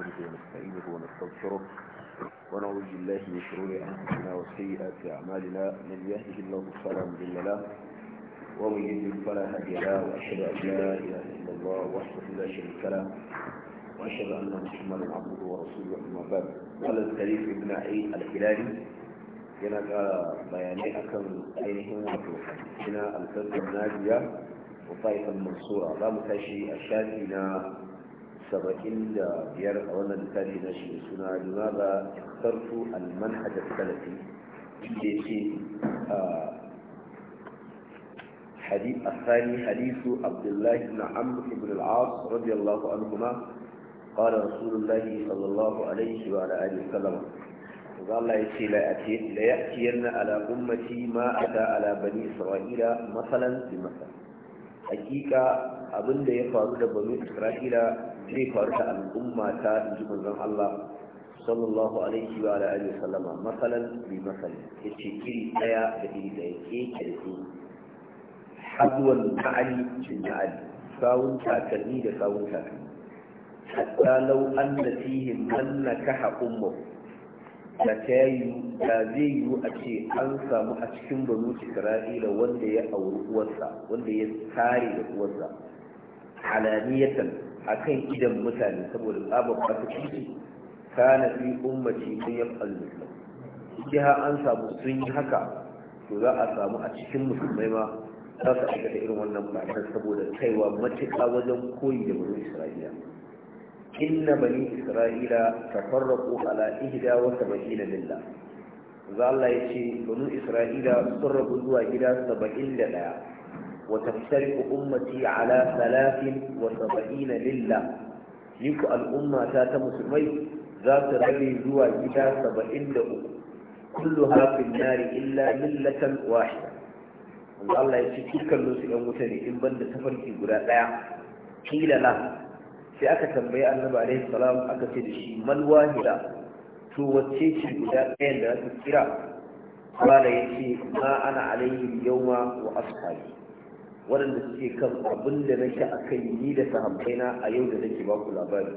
نحمده ونستعينه ونستغفره ونعوذ بالله من شرور أنفسنا وسيئات أعمالنا من يهده الله فلا مضل له ومن يضلل فلا هادي له وأشهد أن لا إله إلا الله وحده لا شريك له وأشهد أن محمدا عبده ورسوله أما بعد قال الكريم ابن عيد الهلالي yana ƙara bayanai akan ainihin wato na alfarkar najiya wa fa'ifan mansura za mu tashi a shafi na سبعين بيار أولا لتالي ناشي سنة لماذا اخترت المنهج السلفي التي حديث الثاني حديث عبد الله بن عمرو بن العاص رضي الله عنهما قال رسول الله صلى الله عليه وعلى آله وسلم قال الله يسي لا يأتين على أمتي ما أتى على بني إسرائيل مثلا بمثل حقيقة أبن يفعل بني إسرائيل zai faru da al'umma ta inji manzon Allah sallallahu alaihi wa alihi sallama masalan bi masal yace iri daya da iri daya keke da ke hadwan ma'ali cin ma'ali sawun takalmi da sawun takalmi hatta law anna fihim man nakaha ummuhu da ta yi da zai yiwu a ce an samu a cikin banu isra'ila wanda ya auri uwarsa wanda ya tare da uwarsa halaniyatan akan idan mutane saboda tsabar ta na fi ummati sun yafal muslim shi ha an samu sun yi haka to za a samu a cikin musulmai ma za su aikata irin wannan bakar saboda kaiwa matuƙa wajen koyi da wani isra'ila inna bani isra'ila tafarraqu ala ihda wata sab'ina lilla za Allah ya ce bani isra'ila sun rabu zuwa gida saba'in da ɗaya وتفترق أمتي على ثلاث وسبعين لله نيك الأمة تات مسلمي ذات ربي زوى إلى سبعين لأم كلها في النار إلا ملة واحدة الله يسي تلك النسي أمتني إن بند سفرك قراء لا قيل له في أكا تنبيع النبي عليه السلام أكا تدشي ما الواهرة تو وتشيش قراء لا تذكرا قال يسي ما أنا عليه اليوم وأصحابي waɗanda suke kan abin da nake a kan ni da sahabbaina a yau da nake ba ku labari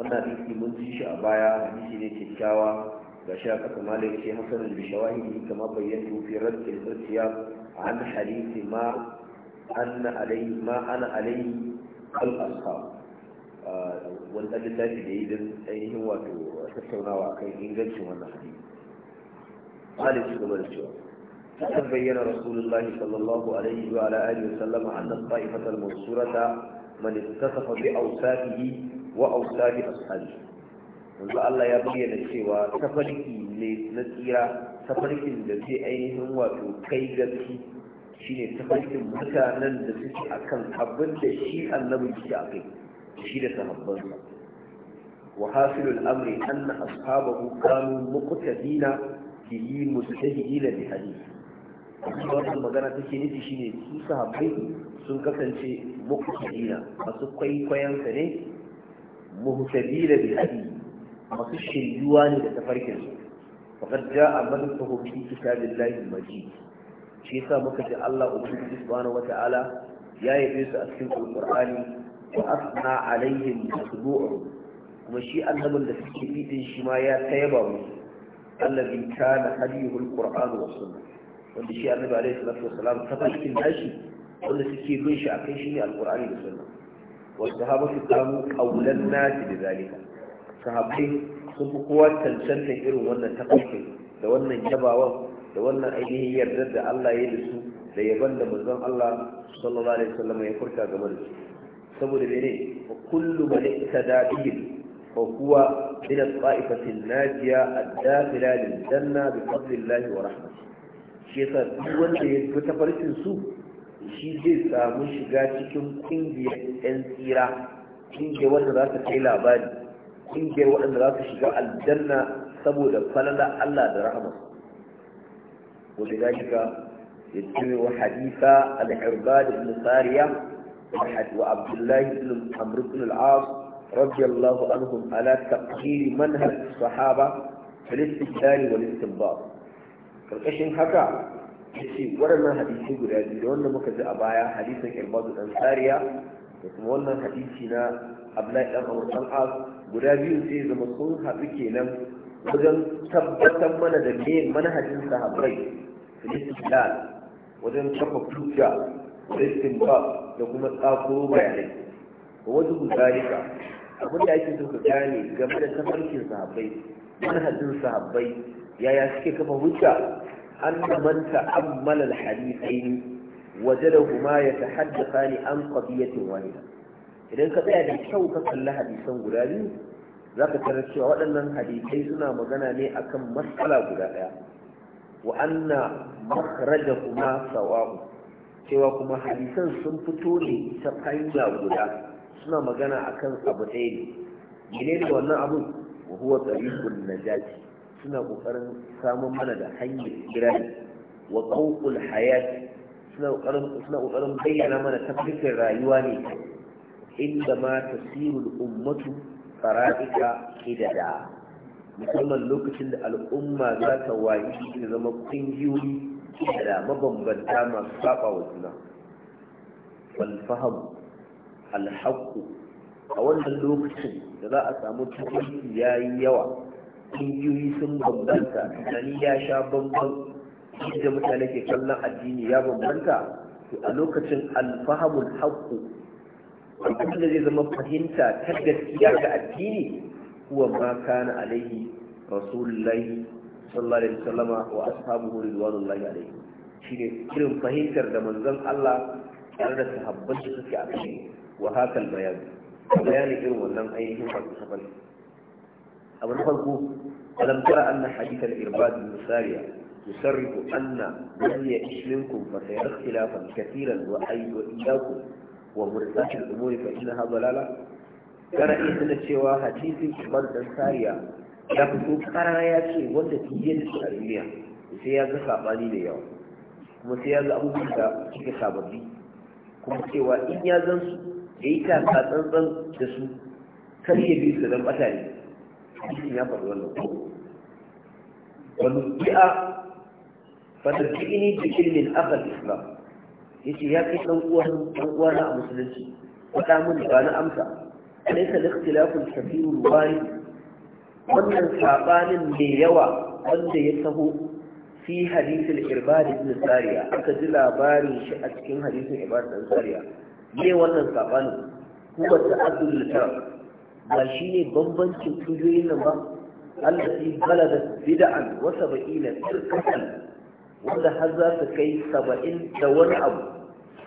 wannan hadisi mun ji shi a baya hadisi ne kyakkyawa ga shi aka kuma da yake hasan bi shawahidi kama bayyana firar ke al-irtiyab an hadisi ma anna alayhi ma ana alai kal ashab ah, wani ɗan littafi da yi don ainihin wato tattaunawa kan ingancin wannan hadisi. Malin su gaba da cewa. فقد بين رسول الله صلى الله عليه وعلى آله وسلم أن الطائفة المنصورة من اتصف بأوصافه وأوصاف أصحابه yanzu Allah ya bayyana cewa tafarki ne na tsira tafarkin da zai ainihin wato kai gaci shine tafarkin mutanen da suke akan abin da shi annabi yake a kai shi da amri anna ashabahu kanu muqtadina bihi abin da wannan magana take nufi shine su sahabbai sun kasance muqtadina masu kwaikwayon sa ne muhtadina bi hadi masu shiryuwa ne da tafarkin su faqad ja'a madhuhu fi kitabillahi majid shi yasa muka ji Allah ubangiji subhanahu wataala ya yabe su a cikin alqur'ani wa asna alaihim masbu'u kuma shi annabin da suke bi din shi ma ya tayaba musu allazi kana hadiyul qur'an wa wanda shi annabi alaihi salatu wassalam ta farkin dashi wanda suke bin shi akai shi ne alqur'ani da sunna wa su kamu qawlan nas bi zalika sahabbai sun fi kowa cancanta irin wannan tafarkin da wannan jabawan da wannan ainihin yarda da Allah ya da su da yaban da manzon Allah sallallahu alaihi wasallam ya furta game da su saboda mene kullu man iktada bihi fa huwa min al-qa'ifati an-najiya ad-dakhila lil-janna bi fadlillahi wa rahmatihi shi yasa duk wanda ya fi tafarkin su shi zai samu shiga cikin kungiyar yan tsira kungiyar wanda za ta kai labari kungiyar waɗanda za su shiga aljanna saboda falala Allah da rahama wanda za shiga يتبع حديث العرباد بن سارية وعبد الله بن عمرو بن العاص رضي الله عنهم على manhaj منهج الصحابة في الاستجلال والاستنباط karkashin haka ya ce waɗannan hadisi guda biyu da wanda muka ji a baya hadisin irbadu dan sariya da kuma wannan hadisi na abdullahi dan amr dan as guda biyu sai zama sun haɗu kenan wajen tabbatar mana da me manhajin sahabbai su yi wajen kafa hujja wajen da kuma tsakuro bayanai wajen zalika abin da ake so ka gane game da tafarkin sahabbai manhajin sahabbai yaya suke kafa hujja an Waje da al ta wajadahuma yatahaddathani an qadiyatin wani idan ka tsaya da kyau ka kalli hadisan guda biyu zaka tarar cewa waɗannan hadisai suna magana ne akan matsala guda ɗaya wa anna makhrajahuma sawa'u cewa kuma hadisan sun fito ne ta hanya guda suna magana akan abu ɗaya ne menene wannan abun wa huwa tariqun najati suna ƙoƙarin samun mana da hanyar birane. wa qawqul hayat suna ƙoƙarin bayyana mana tafsirin rayuwa ne inda ma tasirul ummatu fara'ika idada musamman lokacin da al'umma za ta wayi da zama ƙungiyoyi, da mabambanta masu saba wa juna falfaham alhaku a wannan lokacin da za a samu tafarki ya yi yawa ƙungiyoyi sun bambanta tunani ya sha bambam inda mutane ke kallon addini ya bambanta to a lokacin alfahamul haqqu abin da zai zama fahimta ta gaskiya ga addini kuwa ma kana alaihi rasulullahi sallallahu alaihi wasallam wa ashabuhu ridwanullahi alaihi shine irin fahimtar da manzon Allah tare da sahabbai da suke a kai wa hakal bayan bayanin irin wannan ainihin falsafar abu na farko alam tara anna hadithal irbad bin sariya يصرف أن من يعيش منكم فسيرى اختلافا كثيرا وأي وإياكم ومرسات الأمور فإنها ضلالة كان إذن الشيوى حديث كبار ساريا ya fito karara ya ce wanda fiye da shi a duniya sai ya ga sabani da yawa kuma sai ya ga abubuwan da suke sababbi kuma cewa yi da su kar ya su don ɓata ne hadisin ya faɗi wannan ko wani bi'a fata bi'ini bi ilmin akal islam ya ce ya fi dan uwana a musulunci faɗa mun ba na amsa alaysa al-ikhtilafu al-kathir al-warid wannan sabanin mai yawa wanda ya taho fi hadisin Irbadi ibn sariya aka ji labarin shi a cikin hadisin Irbadi ibn sariya me wannan sabanin huwa ta'addul taraf ba shi ne bambancin tujoyin nan ba allafi balada bid'an wa sab'ina firqatan wanda har za ta kai saba'in da wani abu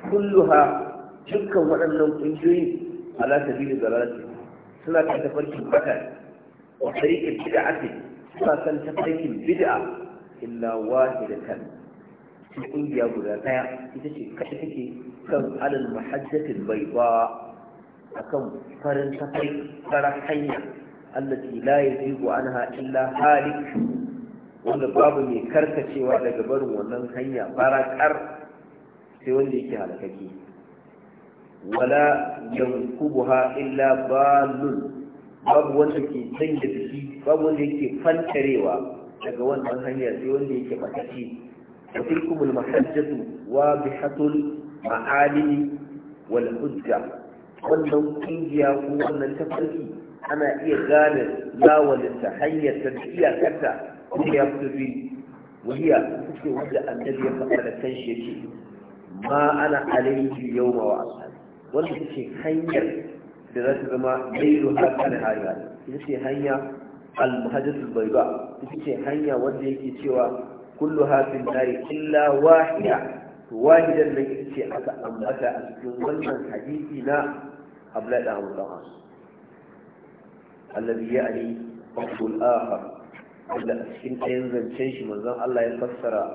kulluha dukkan waɗannan ƙungiyoyin ala da dalalati suna kan tafarkin baka wa tariqin bid'ati suna kan tafarkin bid'a illa wahidatan ƙungiya guda ɗaya ita ce kaɗai take kan alal mahajjatil bayda akan farin safai farar hanya allati la yajibu anha illa halik wanda babu mai karkacewa daga barin wannan hanya farakar sai wanda yake halakake wala yankubuha illa balun babu wanda ke canja jiki babu wanda yake fantarewa daga wannan hanya sai wanda yake bakaci wa tilkumul mahajjatu wa bihatul ma'alimi wal hujja wannan kungiya ko wannan tafarki ana iya gane lawalinta hanyarta da iyakarta ko ya fito bi wahiya suke wanda annabi ya faɗa da kan shi yake ma ana alaihi yau ma wa wanda ce hanyar da za ta zama lailu haka da hariya ita ce hanya al-muhajjatul bayda ita ce hanya wanda yake cewa kullu hafin nari illa wahida to wahidan nan ita ce aka ambata a cikin wannan hadisi na abdullahi dan abu dan alladhi ya'ni qawlul akhar wanda a cikin ɗayan zancen shi manzon Allah ya fassara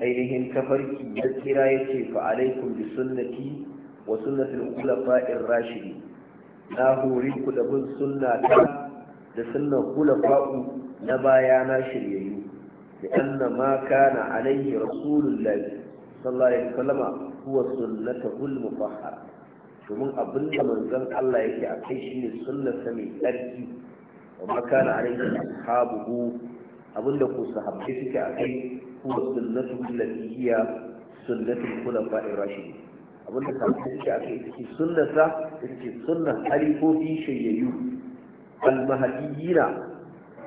ainihin kafarki na kira ya ce fa alaikum bi sunnati wa sunnati al-khulafa'ir rashidin na hori ku da bin sunna ta da sunnan na baya na shiryayyu da anna ma kana alaihi rasulullahi sallallahu domin abin da manzon Allah yake a kai shi ne sunnasa mai tsarki wa makana a rikin ashabuhu abin da ku sahabbai suke a kai kuma sunnatu lafiya sunnatul khulafa ar rashi. abin da sahabbai suke a kai ita ce sunnarsa ita ce sunnar halifofi shayyayu al-mahdiyina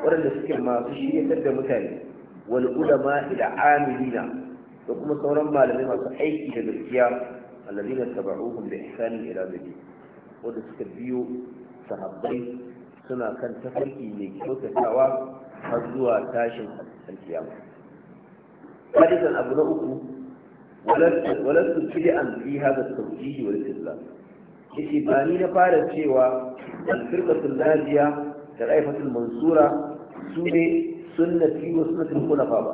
waɗanda suke masu shiryatar da mutane wal ulama da amilina da kuma sauran malamai masu aiki da gaskiya الذين اتبعوهم بإحسان إلى مدين wanda suka biyo sahabbai suna kan tafarki mai kyautatawa har zuwa tashin alkiyama hadisan abu na uku wala fili an fi haka taujihi wal islam yace ba ni na fara cewa al-firqatul najiya da raifatul mansura su ne sunnati wa sunnatul khulafa ba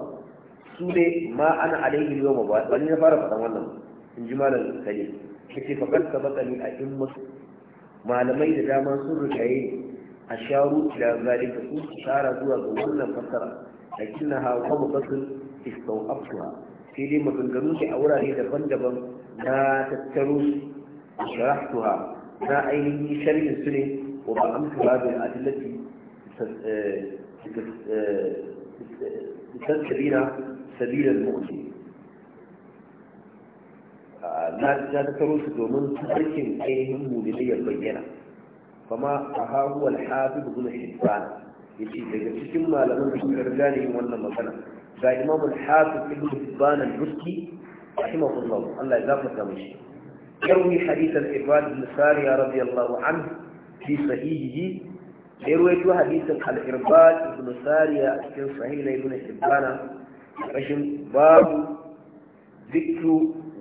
su ne ma ana alaihi yawma ba ba ni na fara faɗan wannan ba. جمال الكريم كيف فقد ثبت من أئمة ما لم يدع من سر الحي أشار إلى ذلك كل شارة وظل فترة لكنها وهم استوقفتها في لما تنقلوش أوراها دفن دفن لا تتروس شرحتها لا أيني شرح السنة وبأمس هذه الأدلة تستبينا سبيل المؤمنين na ta karo su domin tsarkin ainihin mumiliyar bayyana kama a hahu alhafi da gudun shibban ya ce daga cikin malaman da suka riga ne wannan magana ga imam alhafi da gudun shibban al-ruski rahimahullah Allah ya gafarta mishi yarwi hadithan ibad bin allah radiyallahu anhu fi sahihihi da ya ruwaito hadithan al-irbad bin sariya cikin sahih na ibn shibban rashin babu ذكر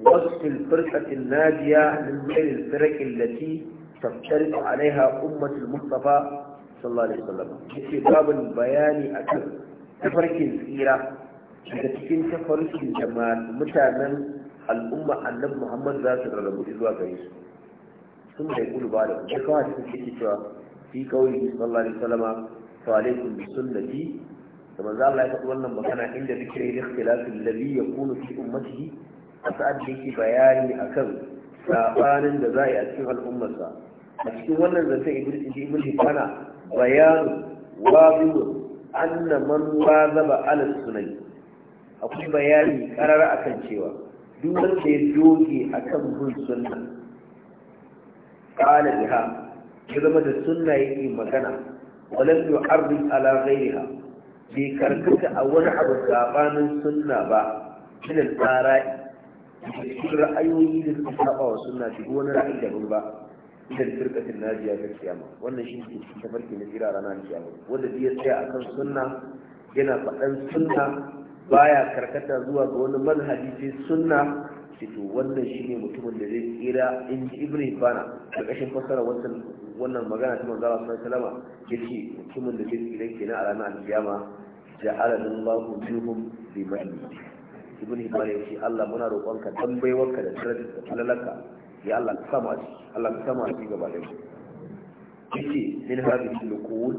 وصف الفرقة الناجية من غير الفرق التي تفترق عليها أمة المصطفى صلى الله عليه وسلم في باب البيان أكثر تفرق الخيرة daga cikin tafarki jama'ar mutanen al'umma annab muhammad za su rarrabu zuwa gare su sun da kulu ba da kuma kawai sun ce cewa fi kawai sallallahu alaihi wasallam fa alaikum bi sunnati da manzo Allah ya faɗi a sa'ad da yake bayani a kan sabanin da za a yi a cikin al'ummarsa a cikin wannan zance ibn hibana bayanu wabiru anna man wazaba ala sunai akwai bayani karar akan cewa duk wanda ya doge akan bin sunna qala biha ya zama da sunna yake magana walam yu'arrid ala ghayriha bai karkata a wani abu sabanin sunna ba min al-tsara'i cikin ra'ayoyi da suka saba wa sunna duk wani ra'ayi daban ba ita da firkatin najiya ta kiyama wannan shi ne cikin tafarki na tsira ranar kiyama wanda ya tsaya akan sunna yana faɗan sunna baya karkata zuwa ga wani manhaji sai sunna ce to wannan shi ne mutumin da zai tsira in ji ibrahim bana ƙarƙashin fassara wannan magana ta manzara sunan salama ya ce mutumin da zai tsira kenan a ranar kiyama ja'alallahu minhum bi ma'amiti ibn hibban ya ce Allah muna roƙonka dan baiwarka da darajar da falalaka ya Allah ka samu aji Allah ka samu aji gaba da yace min hadhihi al-luqul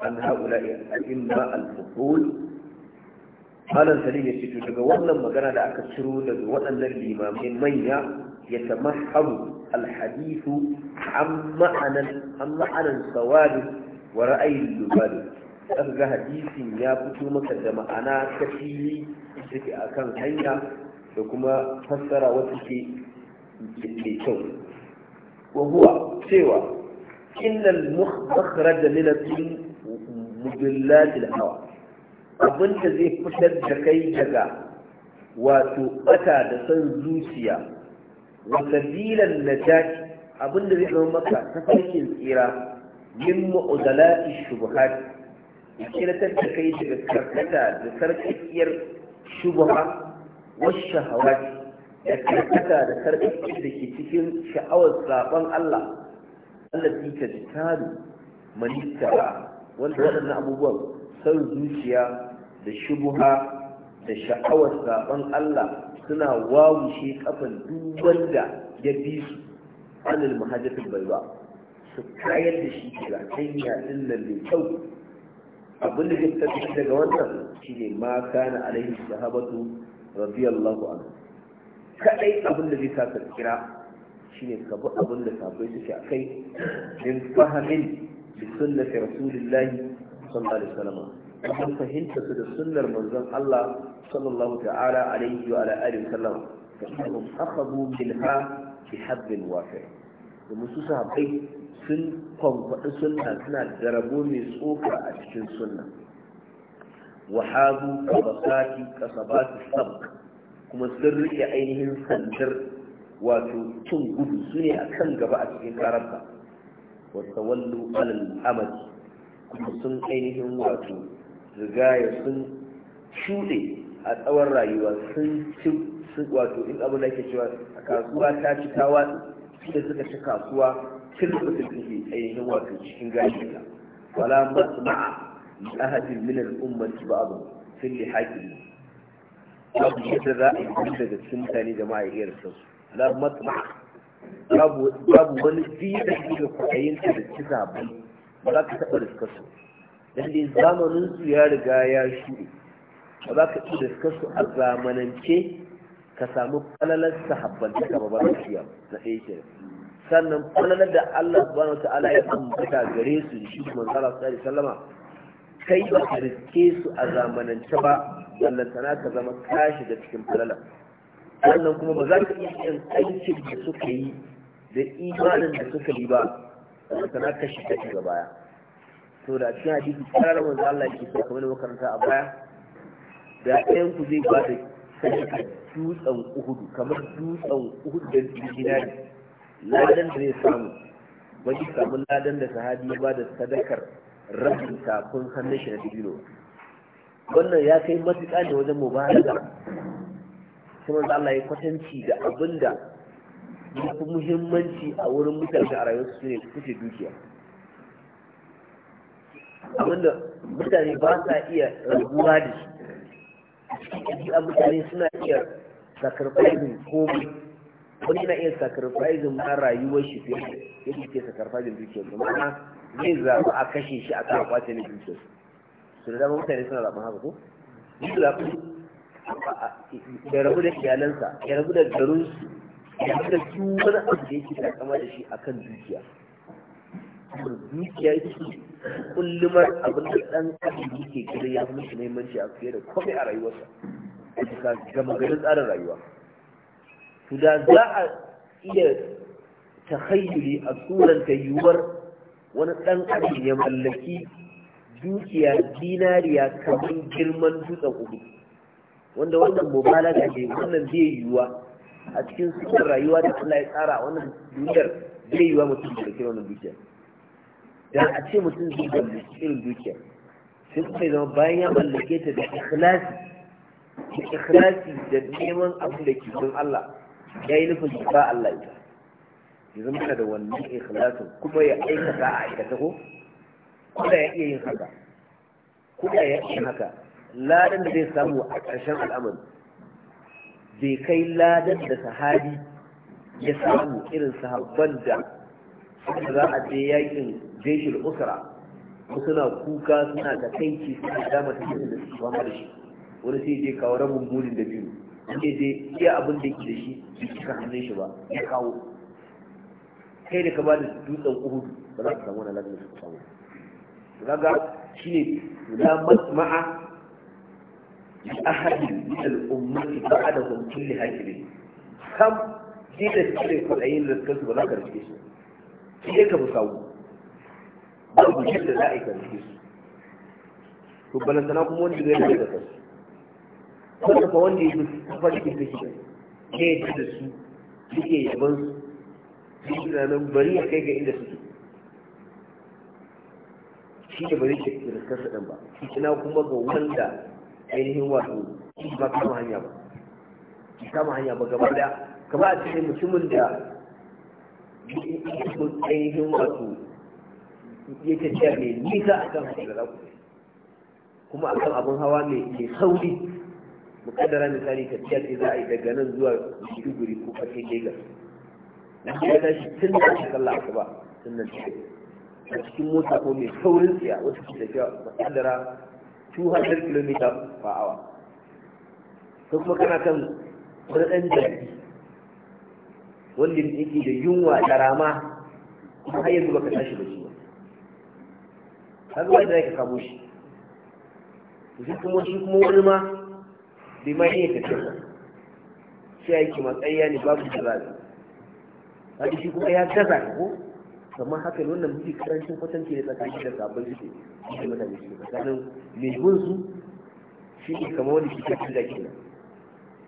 an haula'i al-imma al-fuhul malam salim ya ce to daga wannan magana da aka ciro daga waɗannan limamai manya ya tamashabu al-hadithu an ma'anan an ma'anan sawadi wa ra'ayi al aka ga hadisin ya fito maka da ma'ana ta fili take a kan hanya da kuma fassara wata ke mai kyau wa huwa cewa innal mukhraj min mudillat da hawa abinda zai fitar da kai daga wato bata da san zuciya wa sabilan najat abinda zai zama maka tafarkin tsira min mu'dalati shubuhati ya tsiratar da kai daga karkata da sarkakiyar shubha wasu da karkata da sarkakiyar da ke cikin sha'awar sabon Allah Allah fi ka jitaru manistara wanda waɗannan abubuwan son zuciya da shubha da sha'awar sabon Allah suna wawushe kafan duk wanda ya bi su anil mahajjatul baiwa su kayar da shi ga hanya din nan mai kyau abin da ke tafi daga wannan shine ma kana alaihi sahabatu radiyallahu anhu kadai abin da zai sa ka kira shine ka bi abin da sahabbai suke a kai. min fahimin bi sunnati rasulillahi sallallahu alaihi wasallam kuma fahimta su da sunnar manzon Allah sallallahu ta'ala alaihi wa ala alihi wasallam fa innahum akhadhu minha bi habbin wafir da musu sahabbai sun kwankwaɗi sunna suna da rabo mai tsoka a cikin sunna wahabu kabasati kasabati sabk kuma sun rike ainihin sandar wato cin gudu su ne a kan gaba a cikin karanta wata wallo alal amadi kuma sun ainihin wato rigaya sun shuɗe a tsawon rayuwa sun ci wato in abu da ke cewa kasuwa ta ci ta da suka ci kasuwa كلمة الكفي أي هو في الشكين قاشلة ولا مسمع لأحد من الأمة بعضهم في اللي حاكم أبو جد رأي جدا سمتاني جماعة غير السوس لا مسمع babu wani fiye da shi da da ci zaɓi ba za ka taɓa riskasu don dai zamanin su ya riga ya shuɗe ba za ka da riskasu a zamanance ka samu kalalar sahabbantaka ba ba za su na ɗaya sannan kwanar da Allah subhanahu ta'ala ya ambata gare su da shi kuma su ari sallama, kai ba ka riske su a zamanance ba sana ka zama kashi da cikin falala sannan kuma ba za ka iya yin aikin da suka yi da imanin da suka yi ba ballantana ka shiga baya to da cikin hadisi tsara manzo Allah ke so kamar makaranta a baya da ɗayan ku zai ba da dutsen uhudu kamar dutsen uhudu da dinari ladan da zai samu wani samun ladan da sahabi ya bada sadakar rabin kafin hannun shi na dubino wannan ya kai matuƙa ne wajen mu kuma da Allah ya kwatanci da abin da ya fi muhimmanci a wurin mutane a rayuwarsu su ne kuce dukiya abinda mutane ba sa iya rabuwa da shi a mutane suna iya sakarfafin komai wani na iya sacrifice ma rayuwar shi fiye yadda ke sacrifice dukiyar kuma ma zai zaɓi a kashe shi a kan kwace ne dukiyar su da dama mutane suna zaɓen haka ko zai zaɓi ya rabu da iyalansa ya rabu da garinsu ya rabu da su wani abu da yake takama da shi a kan dukiya dukiya ce kullumar abin da ɗan kashi yake gida ya fi mushi muhimmanci a fiye da kome a rayuwarsa a bisa gama garin tsarin rayuwa to da za a iya takhayyuli a tsuranta yiwuwar wani ɗan adam ya mallaki dukiya dinariya kamar girman dutsen uku wanda wannan mubalaga ne wannan zai yiwuwa a cikin sukar rayuwa da Allah ya tsara wannan duniyar zai yiwuwa mutum da kira wannan dukiya. da a ce mutum zai mallaki irin dukiyar sai kuma zama bayan ya mallake ta da ikhlasi da ikhlasi da neman abin da ke don Allah ya yi nufin ba Allah ita ya zama da wannan ikhlasin kuma ya aikata a aikata ko kuma ya iya yin haka kuma ya iya haka ladan da zai samu a ƙarshen al'amari bai kai ladan da sahabi ya samu irin sahabban da za a je yakin jeshil usra suna kuka suna da kanki suna dama ta da su fama da shi wani sai je kawo rabin burin da biyu wanda dai iya abin da ke da shi cika hannun shi ba ya kawo kai da ka ba da dutsen uhudu ba za ka samu wani lafiya su samu kaga shine la masma'a ahadin min al-ummati ba'dahum kulli hakimi kam shi da shi da kwaɗayin da suka su ba za ka rike su shi dai ka musawu babu yadda za a yi ka rike su to balantana kuma wanda zai rike da kansu wanda ba wanda ya yi tafarkin da shi ne ya da su suke yaban su su tunanin bari ya kai ga inda su su shi da bari ke riskar su ɗan ba ina kuma ga wanda ainihin wato shi ba kama hanya ba shi kama hanya ba gaba da kama a cikin mutumin da ainihin wato ya tafiya mai nisa a kan hanyar kuma akan abin hawa mai sauri mukaddara misali tafiya ce za a yi daga nan zuwa shuguri ko na kuma ta tashi tun da ake sallah asuba sannan a cikin mota ko mai saurin tsiya wata ke tafiya mukaddara 200 km per hour ko kuma kana kan wani ɗan jirgi wanda yake da yunwa da rama kuma har yanzu baka tashi da shi ba har zuwa da ka kamo shi shi kuma shi kuma wani ma bai ma iya tafiya shi yake matsayya ne babu jirage a shi kuma ya gaza ne ko kamar haka ne wannan miji karancin kwatanci ne tsakanin da sabon shi shi mutane shi tsakanin mai gunsu shi ne kamar wani shi ke da kenan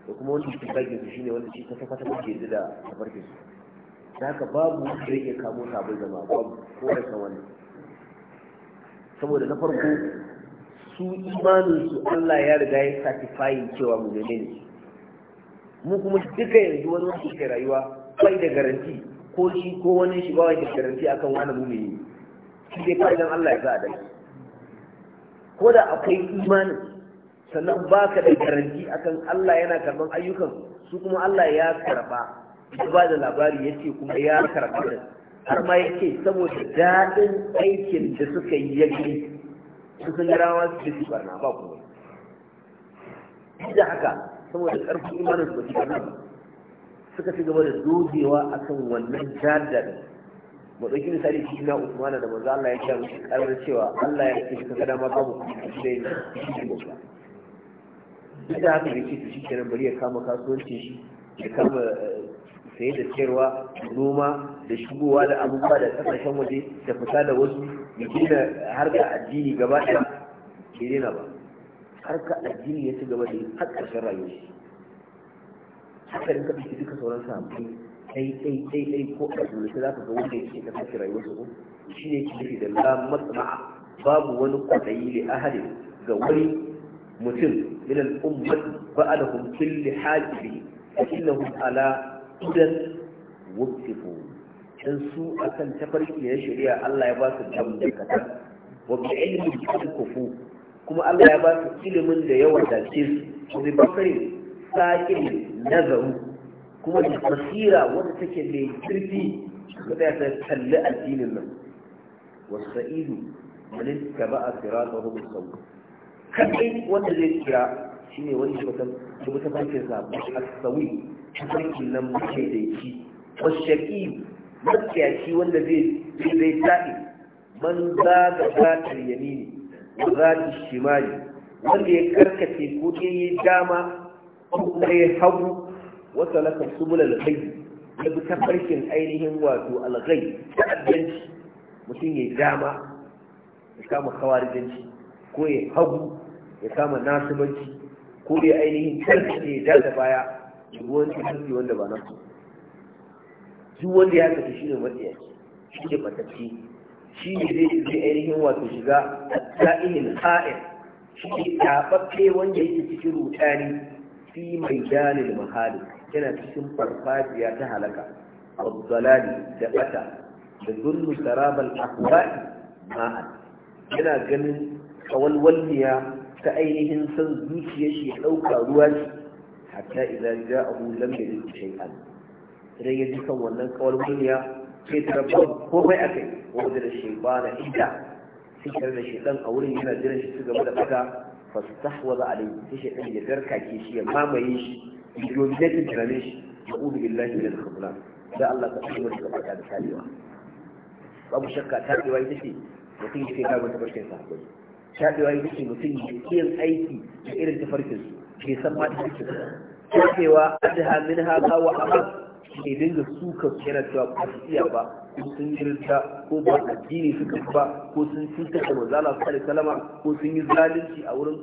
da kuma wani shi ke su shi ne wani shi kwata kwata ke yanzu da tafarkin su da haka babu wanda ya kamo sabon zama babu ko da wani saboda na farko su imaninsu Allah ya riga ya satifayi cewa mu ne mu kuma duka yanzu wani wani ke rayuwa bai da garanti ko shi ko wani shi ba da garanti akan wani mu ne. shi dai idan Allah ya za da ko da akwai imanin sannan ba da garanti akan Allah yana karban ayyukan su kuma Allah ya karba ya ba da labari ya ce kuma ya karba har ma yake saboda daɗin aikin da suka yi ya in sun gara ma su ji na ba ku da haka saboda ƙarfin imanin su ba su suka ci gaba da dogewa kan wannan jadar mu ɗauki misali shi na usmana da manzo Allah ya ce karar cewa Allah ya ce shi kaga dama babu shi dai shi ne duk da haka shi kenan bari ya kama kasuwanci, shi ya kama eh, saye da noma da shigowa da abubuwa da kasashen waje da fita da wasu ya har da addini gaba ɗaya bai daina ba ka addini ya ci gaba da yi har ƙarshen rayuwar shi haka in ka ɗauki duka sauran samu ɗai ɗai ɗai ɗai ko a dole za ka ga wanda yake ta kashe rayuwar su shi ne ke da la matsama'a babu wani kwaɗayi da ahadi ga wani mutum min al'ummat ba'adahum kulli hajjibi fa innahum ala idan wuqtifu dan su akan tafarki na shari'a Allah ya ba su gamdakatar wa bi ilmin kufu kuma Allah ya ba su ilimin da ya wadace su bi basari sa'il nazaru kuma da basira wanda take mai kirfi kada ya ta kalli addinin nan wasa'idu man ittaba siratahu bis-sawt kai wanda zai kira shine wanda ya san da mutafankin sa as-sawi tafarkin nan muke da shi wasa'idu shi wanda zai zai ta'i man za ga zatar yamini wa zatar shimali wanda ya karkace ko ya yi dama ko kuma ya hagu wata laka da kai ya bi tafarkin ainihin wato alghai addanci mutum ya dama ya kama kawarijanci ko ya hagu ya kama nasibanci ko ya ainihin karkace ya da baya ruwan cikin wanda ba nasu duk wanda ya kasu shine matsiyaci shi ne shi ne zai zai ainihin wato shiga za'ihin ha'in shi ne taɓaɓɓe wanda yake cikin rudani fi mai dalil mahali yana cikin farfajiya ta halaka abdulali da Bata, da zulmu sarabal ahwa'i ma'an yana ganin kawalwalniya ta ainihin san zuciyar shi ɗauka ruwa ce hatta idan ja'ahu lam yajid shay'an idan ya ji kan wannan kawalwaniya sai ta ko komai a kai wanda da shi ba na ita Sun tare da shi dan a wurin yana jiran shi su gaba da baka a alayhi sai shi dan ya garkake shi ya mamaye shi ya dominate tunanin shi Ya na'udhu billahi min al-khubran da Allah ka tsare mu daga da talewa babu shakka talewa ita ce mutum ya kai ka ga tabarkin sahabbai talewa ita ce mutum ya ke yin aiki da irin tafarkin su bai san ma tafarkin su talewa adha min haka wa ne dinga suka yana cewa ba su iya ba ko sun jirta ko ba addini suka ba ko sun cutar da mazala su kare salama ko sun yi zalunci a wurin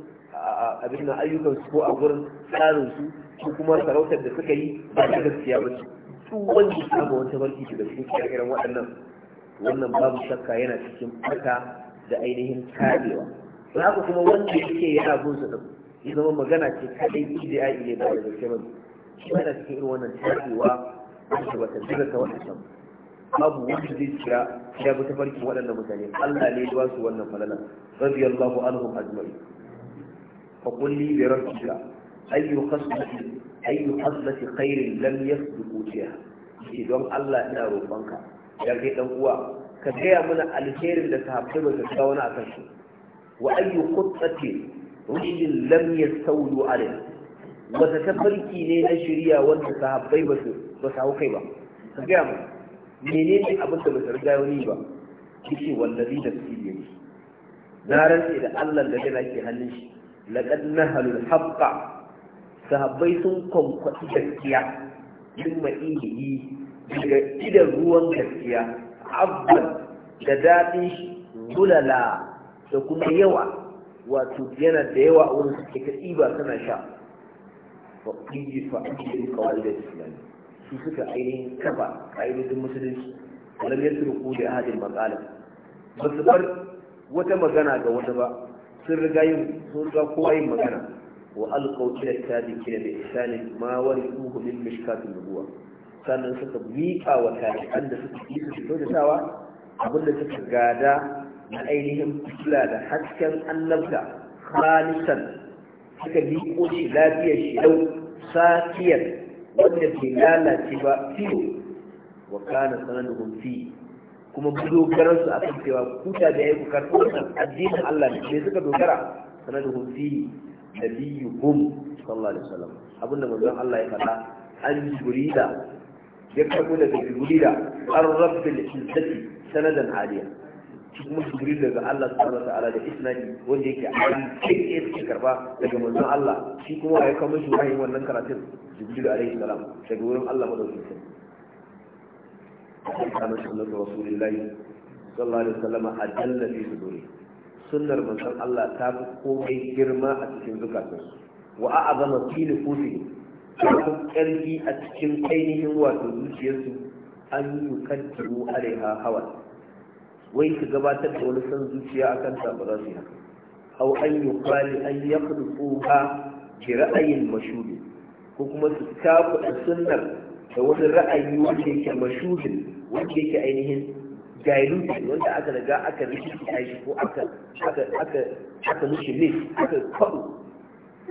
abin da ayyukan su ko a wurin tsarin su ko kuma sarautar da suka yi ba ta gaskiya ba ce su wani su wata barki da su kira irin waɗannan wannan babu shakka yana cikin fata da ainihin karewa ku kuma wanda yake yana bin su ya zama magana ce kaɗai idai ne ba da gaske ba shi yana cikin irin wannan tarewa wanda ba ta jira ta waɗannan babu wanda zai tsira ya bi ta farki waɗannan mutane Allah ne ya su wannan falalan radiyallahu anhum ajma'i fa qul li bi rabbika ayyu khaslati ayyu khaslati khairin lam yasbiqu biha ki don Allah ina roƙonka ya kai dan uwa ka gaya mana alherin da sahabbai ba su ga wani akan shi wa ayyu quttatin rushin lam yastawu alayhi wata tafarki ne na shirya wanda sahabbai ba su ba su hau kai ba ka gaya mu menene abin da ba su riga wani ba kike wallazi da su ne na rantse da Allah da yana ke hannun shi laqad nahalul haqqa sahabbai sun kwankwaci gaskiya min ma'ihi daga idan ruwan gaskiya abban da daɗin shi zulala da kuma yawa wato yana da yawa a wurin suke ka ɗiba suna sha Ba wa ƙiyi fa'ajin kawai da islami su suka ainihin kafa ainihin musulunci lam yasruku da ahadin maqala ba su bar wata magana ga wata ba sun riga yin sun riga kowa yin magana wa alqaw ila tabiqina bi ihsanin ma warithuhu min mishkatin nubuwa sannan suka miƙa wa tabi'an da suka yi su kyautatawa abinda suka gada na ainihin fitila da hasken annabta khalisan suka miƙo shi lafiyar shi yau safiyar wanda ke lalace ba fiye wa kana sanadun fi kuma dogaran su akan cewa kuta da yayi bukar wannan addinin Allah ne sai suka dogara sanadun fi nabiyuhum sallallahu alaihi wasallam abinda manzon Allah ya faɗa an jurida ya karbo daga jurida an rabbil izzati sanadan aliyah shi kuma jibril daga Allah subhanahu wataala da isnadi wanda yake an kike suke karba daga manzon Allah shi kuma ya kawo mishi wahayin wannan karatun jibril alaihi salam daga wurin Allah madaukakin sarki kana sunnatu rasulillahi sallallahu alaihi wasallam adalla fi suduri sunnar manzon Allah ta fi komai girma a cikin zukatansu wa a'azama fi nufusihi ta fi karfi a cikin ainihin wato zuciyarsu an yukaddimu alaiha hawa wai su gabatar da wani san zuciya a kanta ba za su yi haka an yi kwali an ya ra'ayin mashuri ko kuma su tafi da sunnar da wani ra'ayi wanda yake mashuri wanda yake ainihin diluted wanda aka riga aka a shi ko aka aka aka aka mishi ne aka kwado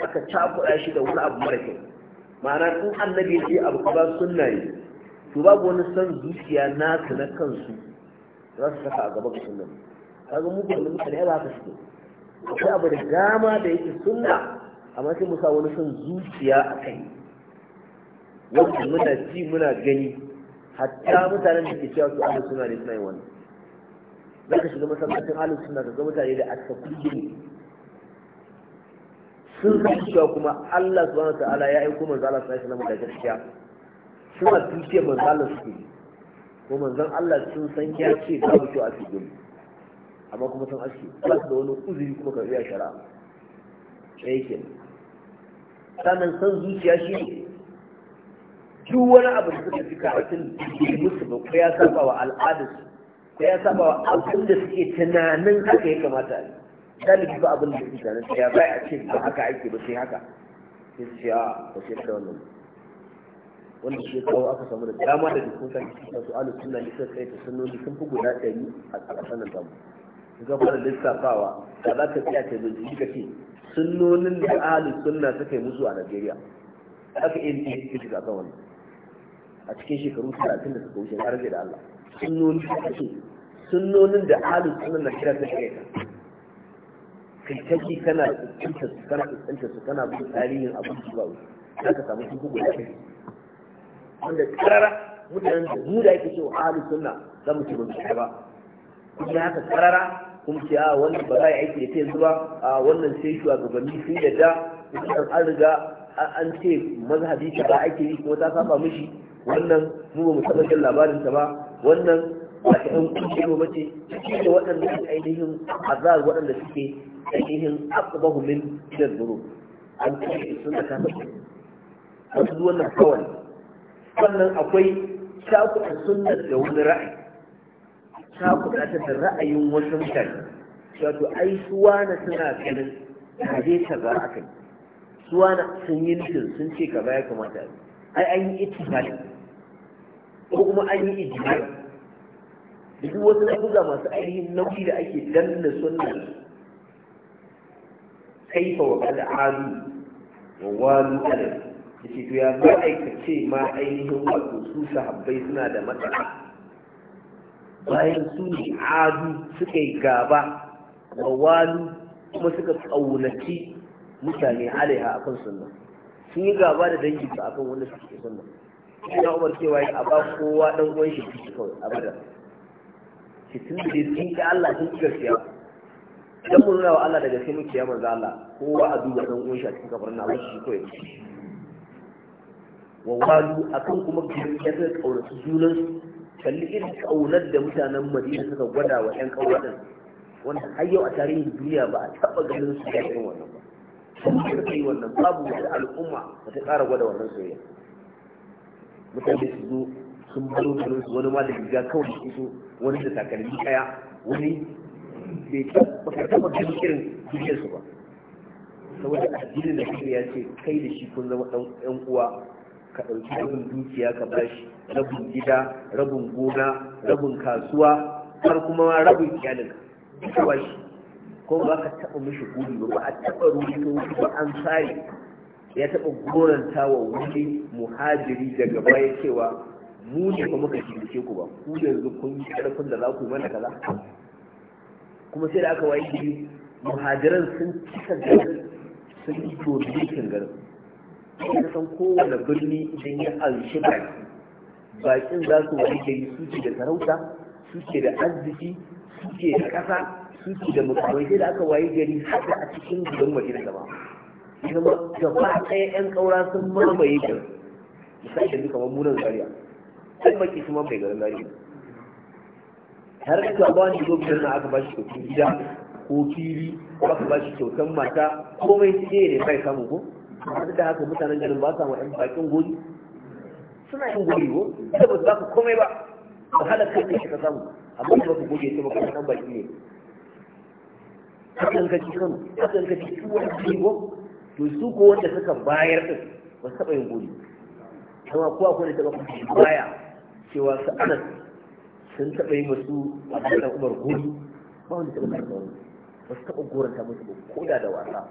aka cakuɗa shi da wani abu mara kyau ma'ana in annabi ya ce abu ba sunna ne to babu wani san zuciya nasu na kansu za su saka a gaba ga sunna kaga mu ba mun kare ba ka shi akwai abu da dama da yake sunna amma sai mu sa wani son zuciya a kai wanda muna ji muna gani hatta mutanen da ke cewa su ahlus sunna ne suna yin wannan za ka shiga masallacin ahlus sunna ka ga mutane da aka kulle sun san cewa kuma Allah subhanahu wa ta'ala ya aiko manzo Allah sallallahu alaihi wasallam da gaskiya suna tuce manzo Allah suke ko zan Allah sun san ya ce babu kyau a cikin amma kuma sun aski ba da wani uzuri kuma karɓi a Sai ɗaya ke sannan san zuciya shi ne duk wani abu da suka fi karatun da musu ba ko ya saba wa al'adarsu ko ya saba wa abin da suke tunanin haka ya kamata a yi galibi ba abin da suke tunanin ya bai a ce ba haka ake ba sai haka sai su ce a ba sai da wannan wanda shi kawo aka samu da dama da jikin kan cikin su alu sunna ne sai kai ta sunnoni sun fi guda ɗari a ƙasar nan tamu ga fara lissafawa da za ka fiya ta zai zuci ka ce sunnonin da alu sunna suka yi musu a Najeriya aka yi ne ke shiga kan wannan a cikin shekaru 30 da suka wuce har da Allah sunnoni suka ce sunnonin da alu sunna na kira suka yi kai kake kana tsinta su kana tsinta su kana bin tarihin abin da ba wuce za ka samu sun fi guda ɗari wanda karara mutanen da mu da yake cewa hali sunna za mu ci ba ba kuma haka karara kuma ce a ah, wannan ba za a yi aiki da ta yanzu ba a ah, wannan sai shugabanni sun yadda idan an riga an ce mazhabi ta ba ake yi kuma ta saba mishi wannan mu ba mu taɓa jin labarin ta ba wannan ba ta yan kunshi ba ce shi da waɗanda ainihin azar waɗanda suke ainihin aqbahu min idan zuru an ce sun da kafa wasu wannan kawai sannan akwai shakuɗa sunnar da wani ra'ayi shakuɗa ta da ra'ayin wasu mutane wato ai suwa na suna ganin kaje za aka kai. suwa na sun yi nufin sun ce kaza ya kamata ai an yi ittifaqi ko kuma an yi ijma'i duk wasu lafuza masu ainihin nauyi da ake danna sunna kaifa wa al'adu wa walu alaihi da ce to ya za a ce ma ainihin wato su sahabbai suna da matsala bayan su ne adu suka yi gaba wa walu kuma suka ƙaunaci mutane alaiha kan sunna sun yi gaba da dangi ba akan wanda suke sunna ina umar cewa a ba kowa dan uwan shi kici kawai bada shi tun da sun ki Allah sun ki gaskiya dan mun nuna wa Allah daga sai mu kiyama za Allah kowa a duba dan uwan shi a cikin kabarin na wuce shi kawai wa walu akan kuma gaskiya suka kaurace junan kalli irin kaunar da mutanen madina suka gwada wa yan kauratin wanda har yau a tarihin duniya ba a taba ganin su da irin wannan ba sun suka yi wannan babu wata al'umma da ta ƙara gwada wannan soyayya mutane su zo sun baro garin su wani ma da riga kawai su so wani da takalmi kaya wani bai taɓa taɓa ganin irin duniyarsu ba saboda addinin da kuma ya ce kai da shi kun zama ɗan uwa ka ɗauki rabin dukiya ka bashi rabin gida rabin gona rabin kasuwa har kuma rabin kyalin ka bashi ko ba ka taɓa mishi guri ba a taɓa ruri ko ba an tsari ya taɓa goranta wa wuri muhajiri daga baya cewa mu ne ba muka shirke ku ba ku yanzu kun yi ƙarfin da za ku yi mana kaza kuma sai da aka waye gidi muhajiran sun cika garin sun yi domin garin da san kowane birni idan ya alshi baki bakin za su wani gari suke da sarauta suke da arziki suke da ƙasa suke da mutane sai da aka waye gari haka a cikin gidan madina gaba kuma gaba ɗaya ƴan ƙaura sun mamaye gari misali yanzu kamar munan zaria sai baki su mamaye garin zariya har da ka ba ni gobe na aka ba shi kyautar gida ko fili ko aka ba shi kyautar mata komai sai ne bai samu ko amma da haka mutanen garin ba sa wa bakin gori suna yin gori ko da ba su za ku komai ba ba halar kai ne ka samu amma ba ku goge ta ba kuma ɗan baki ne ka ci kano hakan ka ci tuwon jiwo to su ko wanda suka bayar din ba su taɓa yin gori kuma ko akwai da taɓa kuma baya cewa su anas sun taɓa yi masu a ɗan umar gori ba wanda taɓa yi masu ba su taɓa goranta musu ba ko da da wasa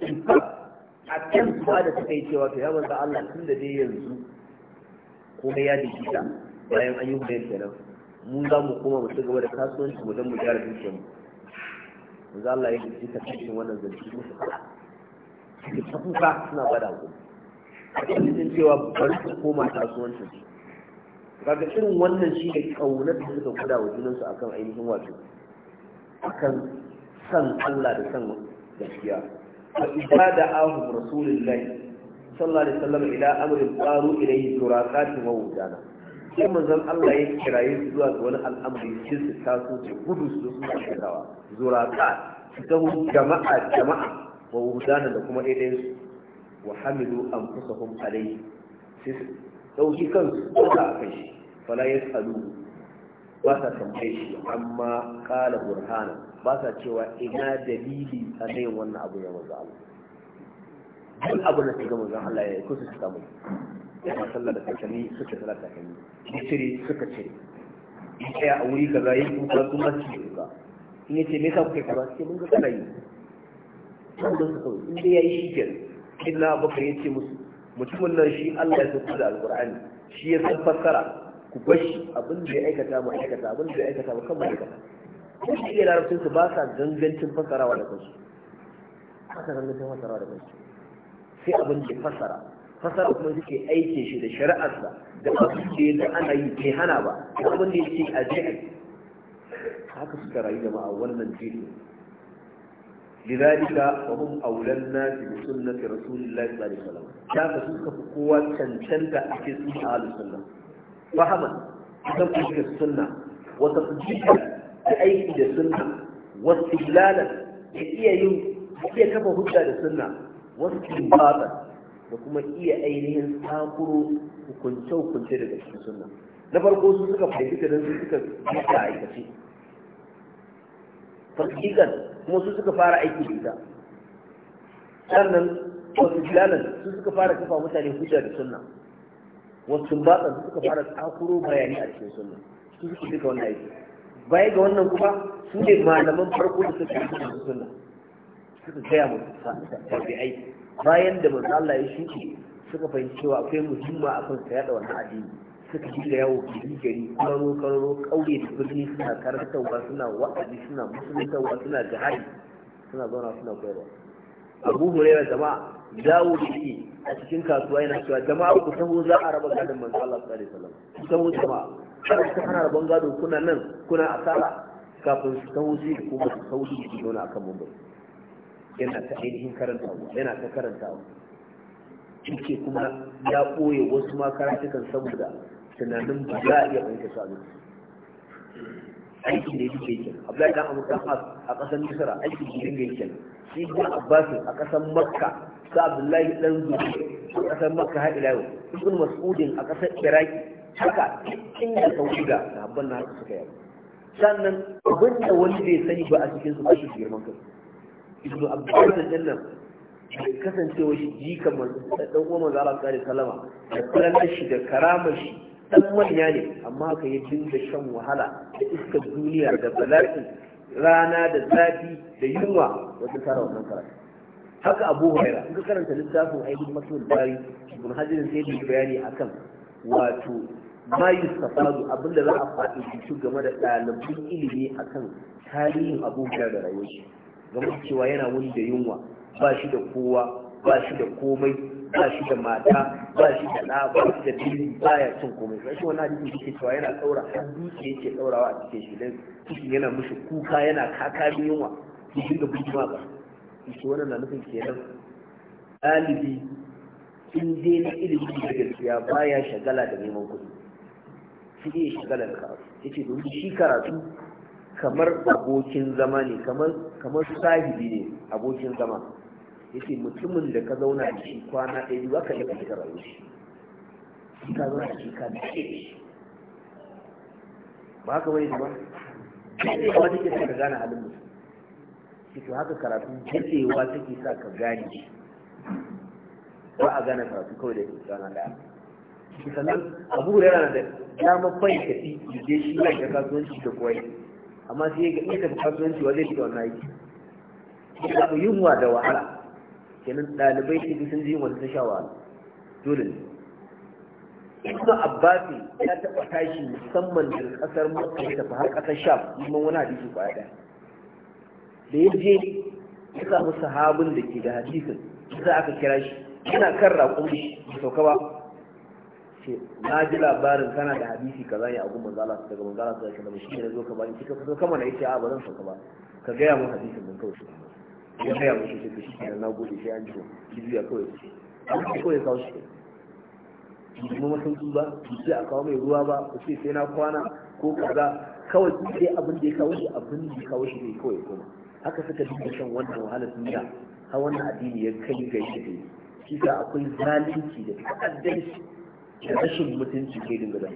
in fact a kan kuma da suka yi cewa to ya wanzu Allah tun da dai yanzu komai ya dikita bayan an yi hudayar kenan mu za mu koma mu ci gaba da kasuwanci mu don mu gyara dukiyar mu manzo Allah ya ji ta cikin wannan zance musu fada suke ta suna bada ku a cikin cewa bari su koma kasuwancin su kaga irin wannan shi ne kaunar da suka guda wa junansu akan ainihin wato akan san Allah da san gaskiya فإذا دعاهم رسول الله صلى الله عليه وسلم إلى أمر قالوا إليه سراقات ووجانا sai manzon Allah ya kiraye su zuwa ga wani al'amari sai su taso su gudu suna shirawa zuraka su taho jama'a jama'a da kuma ɗaiɗayan su an kusa hum alai sai su ɗauki kansu ko da akan shi fala ya tsalu ba ta tambaye shi amma kala burhana ba sa cewa ina dalili a zai wannan abu ya manzo Allah duk abu da ga manzo Allah ya yi ko su suka mai yana sallar da takami suka sallar da takami cire suka cire in ya auri ka kaza yi kuka kuma su yi kuka in yace me yasa kuka kaza sai mun ga kana yi sun da suka in dai yayi shi kenan inna abubakar yace musu mutumin nan shi Allah ya sauka da alqur'ani shi ya san fassara ku bashi abin da ya aikata mu aikata abin da ya aikata mu kan ma aikata duk da iya larabcin su ba sa gangancin fasarawa da kansu ba sa gangancin fasarawa da kansu sai abin da fasara fasara kuma suke aikin shi da shari'arsa da abin da ya ana yi ke hana ba da abin da ya ce a je haka suka rayu jama'a wannan jini لذلك وهم أولى الناس بسنة رسول الله صلى الله عليه وسلم شاف سوك فقوة تنشنت أكي سنة آل السنة فهما تنفذ السنة وتفجيها da aiki da sunna wasu lalar da iya yin iya kafa hujja da sunna wasu kimbata da kuma iya ainihin takuro hukunce-hukunce daga cikin sunna na farko su suka fahimci da su suka fita aikace fasikan kuma su suka fara aiki da ita sannan wasu lalar su suka fara kafa mutane hujja da sunna wasu kimbata su suka fara takuro bayani a cikin sunna su suka duka wani aiki baya ga wannan kuma su ne malaman farko da suka yi da sunna suka gaya mu ai bayan da manzo Allah ya shuke suka fahimci cewa akwai muhimma a kan sa yada wannan addini suka yi da yawo gari gari karo karo kauye da birni suna karantarwa suna wa'azi suna musuluntarwa suna jihadi suna zauna suna koyarwa abu hurairar jama'a dawo da shi a cikin kasuwa yana cewa jama'a ku taho za a raba gadon manzo Allah sallallahu alaihi wasallam ku taho jama'a kada ta hana rabon gado kuna nan kuna asara kafin su taho sai da kuma su taho da su a akan mumbai yana ta ainihin karantawa yana ta karantawa ce kuma ya ɓoye wasu ma saboda tunanin ba za a iya fahimta su a lokaci aikin da yake duke yake abdullahi dan amurka a ƙasar misra aikin da yake yake shi ibn abbas a ƙasar makka sa abdullahi dan zubair a ƙasar makka har ila yau ibn mas'udin a ƙasar iraki haka cikin da ka wuga abin na haka suka yaba sannan abin da wani bai sani ba a cikin su kashi girman kai ibnu Abdullahi da nan bai kasancewa shi jika dan uwan manzo Allah sallallahu salama da kallon shi da karamar shi dan manya ne amma yi jin da shan wahala da iskar duniya da bala'i rana da zafi da yunwa wajen tara wannan karatu haka abu huraira in ka karanta littafin aibin masul bari ibn hajar sai da bayani akan wato ma yustafadu abinda za a faɗi cikin game da ɗalibin ilimi akan tarihin abubuwa da rayuwa. shi game da cewa yana wani da yunwa ba shi da kowa ba shi da komai ba shi da mata ba shi da ɗa ba shi da bili ba ya cin komai sai shi wani hadisin yake cewa yana tsaura har dutse yake tsaurawa a cikin shi dan cikin yana mushi kuka yana kaka da yunwa cikin da bujima ba shi wannan na nufin kenan ɗalibi in dai na ilimi da gaskiya baya shagala da neman kuɗi su iya shigalar ka yace domin shi karatu kamar abokin zama ne kamar kamar sahibi ne abokin zama yace mutumin da ka zauna da shi kwana ɗaya biyu aka yi fahimtar rayuwar shi shi ka zauna da shi ka dace ba haka wani ba kuma take ke ka gane halin mutum shi to haka karatu daɗewa take sa ka gane shi ba a gane karatu kawai da ke tsana ɗaya sannan abubuwa yana da dama kwai ka fi ije shi ya da kasuwanci da kwai amma sai ga in ka kasuwanci wa zai fita wannan aiki ya ku yunwa da wahala kenan ɗalibai su sun ji wani ta shawa wahala dole ne ibnu abbasi ya taɓa tashi musamman da ƙasar makka ta tafi har ƙasar sham kuma wani hadisi kwaya ɗaya da ya je ya samu sahabin da ke da hadisin sai aka kira shi yana kan raƙon shi sauka ba ce na ji labarin kana da hadisi kaza ne a gun manzala su daga manzala su daga shi ne zo ka bani ka fito kama na yace a ba zan sauka ba ka gaya mun hadisin mun kawai shi ya gaya mun shi sai shi kenan na gode sai an ji shi biya kawai shi an ji kawai kawo shi bai kuma masauki ba bai ce a kawo mai ruwa ba ba ce sai na kwana ko kaza kawai duk dai abin da ya kawo shi abin da ya kawo shi ne kawai kuma haka suka da shan wannan wahalar duniya har wannan addini ya kai ga shi shi sa akwai zalunci da ta'addanci rashin mutunci ke dinga da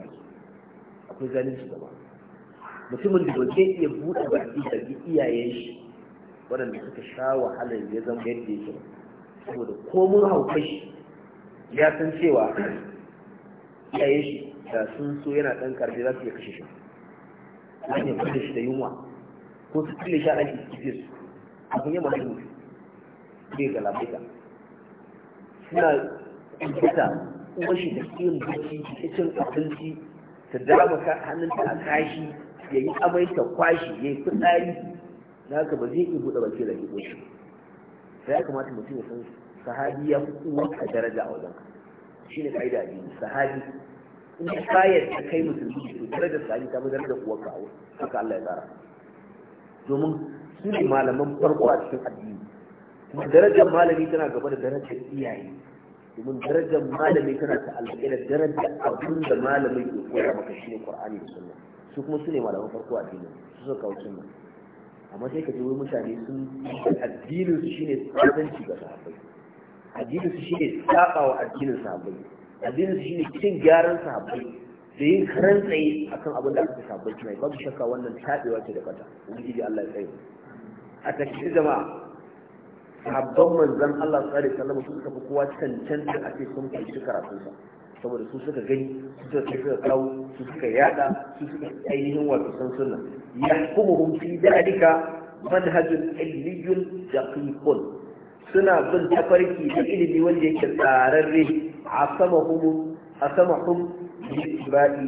akwai zalunci zama. mutumin da ba iya buɗe baki da iyayen shi waɗanda suka sha wahalar ya zama yadda yake ba saboda komun haukai shi ya san cewa iyayen shi da sun so yana ɗan karfi za su iya kashe shi za su iya kashe shi da yunwa ko su kille shi a ɗaki kife su abin yamma su mutu zai galabaita suna kuta uwashi da siyan baki da cin abinci ta dama hannun ta a kashi ya yi amai ta kwashi ya yi fitsari da haka ba zai iya buɗe baki da ke uwashi sai ya kamata mutum ya san sahabi ya fi uwanka daraja a wajen shi ne ka'ida a jini sahabi in ka kayar ta kai musulmi to darajar sahabi ta fi da uwanka kawo haka Allah ya tsara domin su ne malaman farko a cikin addini kuma darajar malami tana gaba da darajar iyaye domin darajar malami tana ta alƙi da darajar abin da malami ke koya maka shi ne ƙwar'ani da sunna su kuma su ne malaman farko a addinin su suka kawo sunna amma sai ka ji wani mutane sun addinin su shine tsadanci ga sahabbai addinin su shine saba wa addinin sahabbai addinin su shine cin gyaran sahabbai da yin karan tsaye akan abin da aka sahabbai tunai babu shakka wannan tabewa ce da kata ubangiji Allah ya tsaye a takaice jama'a sahabban manzan Allah su alaihi sallama su suka fi kowa cancanta a cikin sun fahimci karatunsa saboda su suka gani su suka suka kawo su suka yada su suka ainihin wato san sunna yahkumuhum fi dalika manhajun ilmiyyun daqiqun suna bin tafarki da ilimi wanda yake tsararre asamahum asamahum bi ibadi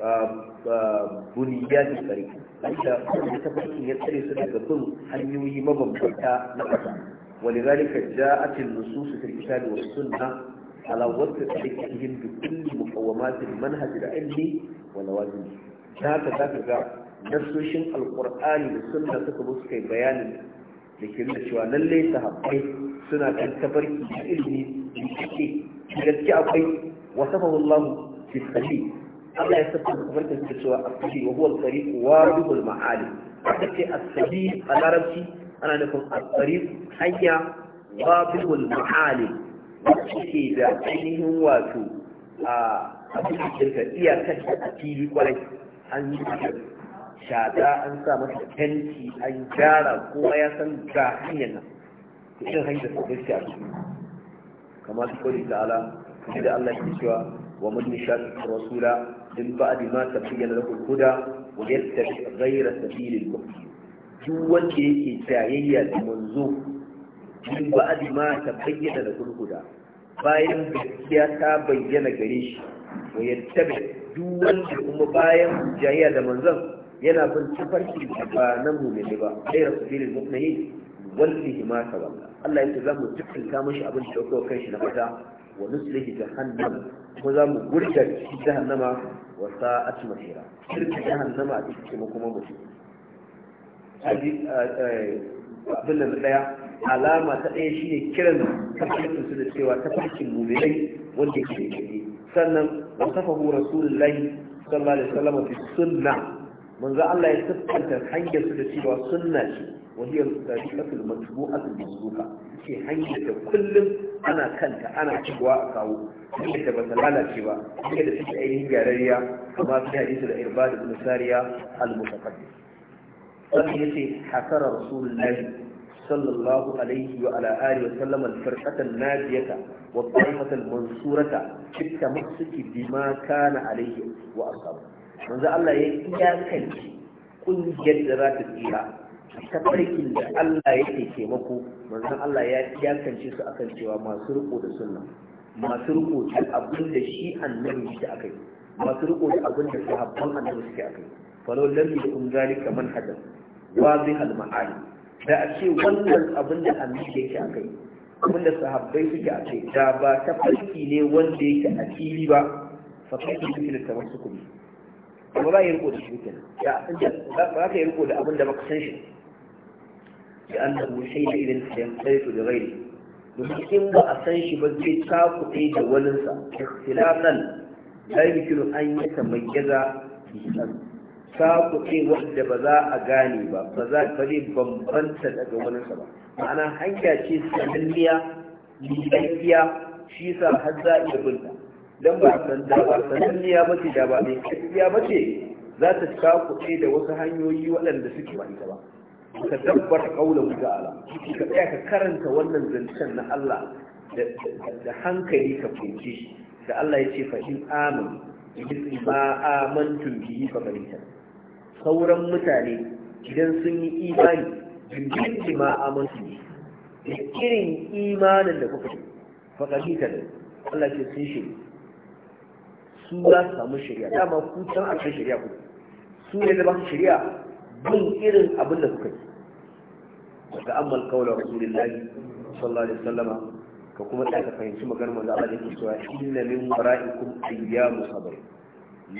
ah, ah, buniyati tsari da tafarki ya tsare su daga bin hanyoyi mabambanta na ƙasa ولذلك جاءت النصوص في الكتاب والسنة على وضع تحكيهم بكل مقومات المنهج العلمي ولوازمه هذا ذاك نفسوشن القرآن والسنة تكبس كي بيان لكن شوى للي تهبطي سنة تنتبرك علمي لكي لكي أبقي وصفه الله في الخليل Allah ya sassa da da cewa asali wa huwa tariq wa bihul ma'ali wanda ke asali a larabci ana nufin alfarif hanya babul mahali ke da ainihin wato a abin da iyakar da a fili kwarai an yi shada an sa mata tenti an gyara kowa ya san ga hanyar nan irin hanyar da gaskiya su kamar su kawai ta'ala da Allah ke cewa wa man yashaqi rasula min ba'di ma tabayyana lahu al-huda wajen yattabi ghayra sabili al-mu'min duk wanda yake jayayya da manzo min ba'di ma ta bayyana da gurguda bayan gaskiya ta bayyana gare shi wa yattabi duk wanda kuma bayan jayayya da manzon yana bin tafarki ba na mu'mini ba sai yi mu'mini wallahi ma tawalla Allah yake za mu tukunta mashi abin da yake kai shi na fata wa nuslihi jahannam ko za mu gurga jahannama wa sa'at masira shirka jahannama a cikin kuma mutum abin da daya alama ta ɗaya shi ne kiran kafin su da cewa ta farkin mummunai wanda ke da gani sannan wasafahu rasulullahi sallallahu alaihi wasallam fi sunna manzo Allah ya siffanta hanyar su da cewa sunna ce wani yanzu da shi kafin matbu'atu bi suka ce hanyar da kullum ana kanta ana cewa a kawo hanyar da ba ta lalace ba hanyar da take ainihin garariya amma fi hadisi da irbad ibn sariya al-mutaqaddim wanda ya ce hasara rasulullahi sallallahu alaihi wa ala alihi wa sallam al-firqatan najiyata wa ta'ifatan mansurata kitta mutsuki bima kana alaihi wa ashabu manzo Allah ya iyakance kungiyar da za ta tsira ta farkin da Allah yake taimako manzon Allah ya iyakance su akan cewa masu riko da sunna masu riko da abin da shi annabi shi akai masu riko da abin da sahabban annabi suke akai da falau lam kamar zalika manhajan zai al ma'ani da a ce wannan abin da annabi yake a kai abin da sahabbai suke a kai da ba ta farki ne wanda yake a fili ba fa kai da kike da tawassuk bi ba za yi riko da shi kenan ya ba za ka yi riko da abin da baka san shi da annabi sai da idan sai sai da gairi domin in ba a san shi ba zai cakuɗe da waninsa ikhtilafan la yumkinu an yatamayyaza bi shan ta cakuɗe wanda ba za a gane ba ba za ba zai bambanta daga sa ba ma'ana hanya ce sananniya liƙaƙiya shi sa har za iya binta don ba sanda ba sananniya ba ce da ba mai ƙaƙiya ba ce za ta ta cakuɗe da wasu hanyoyi waɗanda suke ba ita ba ka dabbar ƙaunar ta'ala ka tsaya ka karanta wannan zancen na Allah da hankali ka fahimce shi da Allah ya ce fahim amin bi ma amantum bihi fa fahimta sauran mutane idan sun yi imani jirgin jima a masu da irin imanin da kuka fakari ta da Allah ke sun shiri su za su samu shari'a dama ku can a kan shari'a ku su ne da ba su shari'a bin irin abin da kuka yi daga ammal rasulun rasulullahi sallallahu alaihi wasallama ka kuma ɗaya ka fahimci maganar manzo Allah da ke cewa inna min wara'ikum ayyamu sabr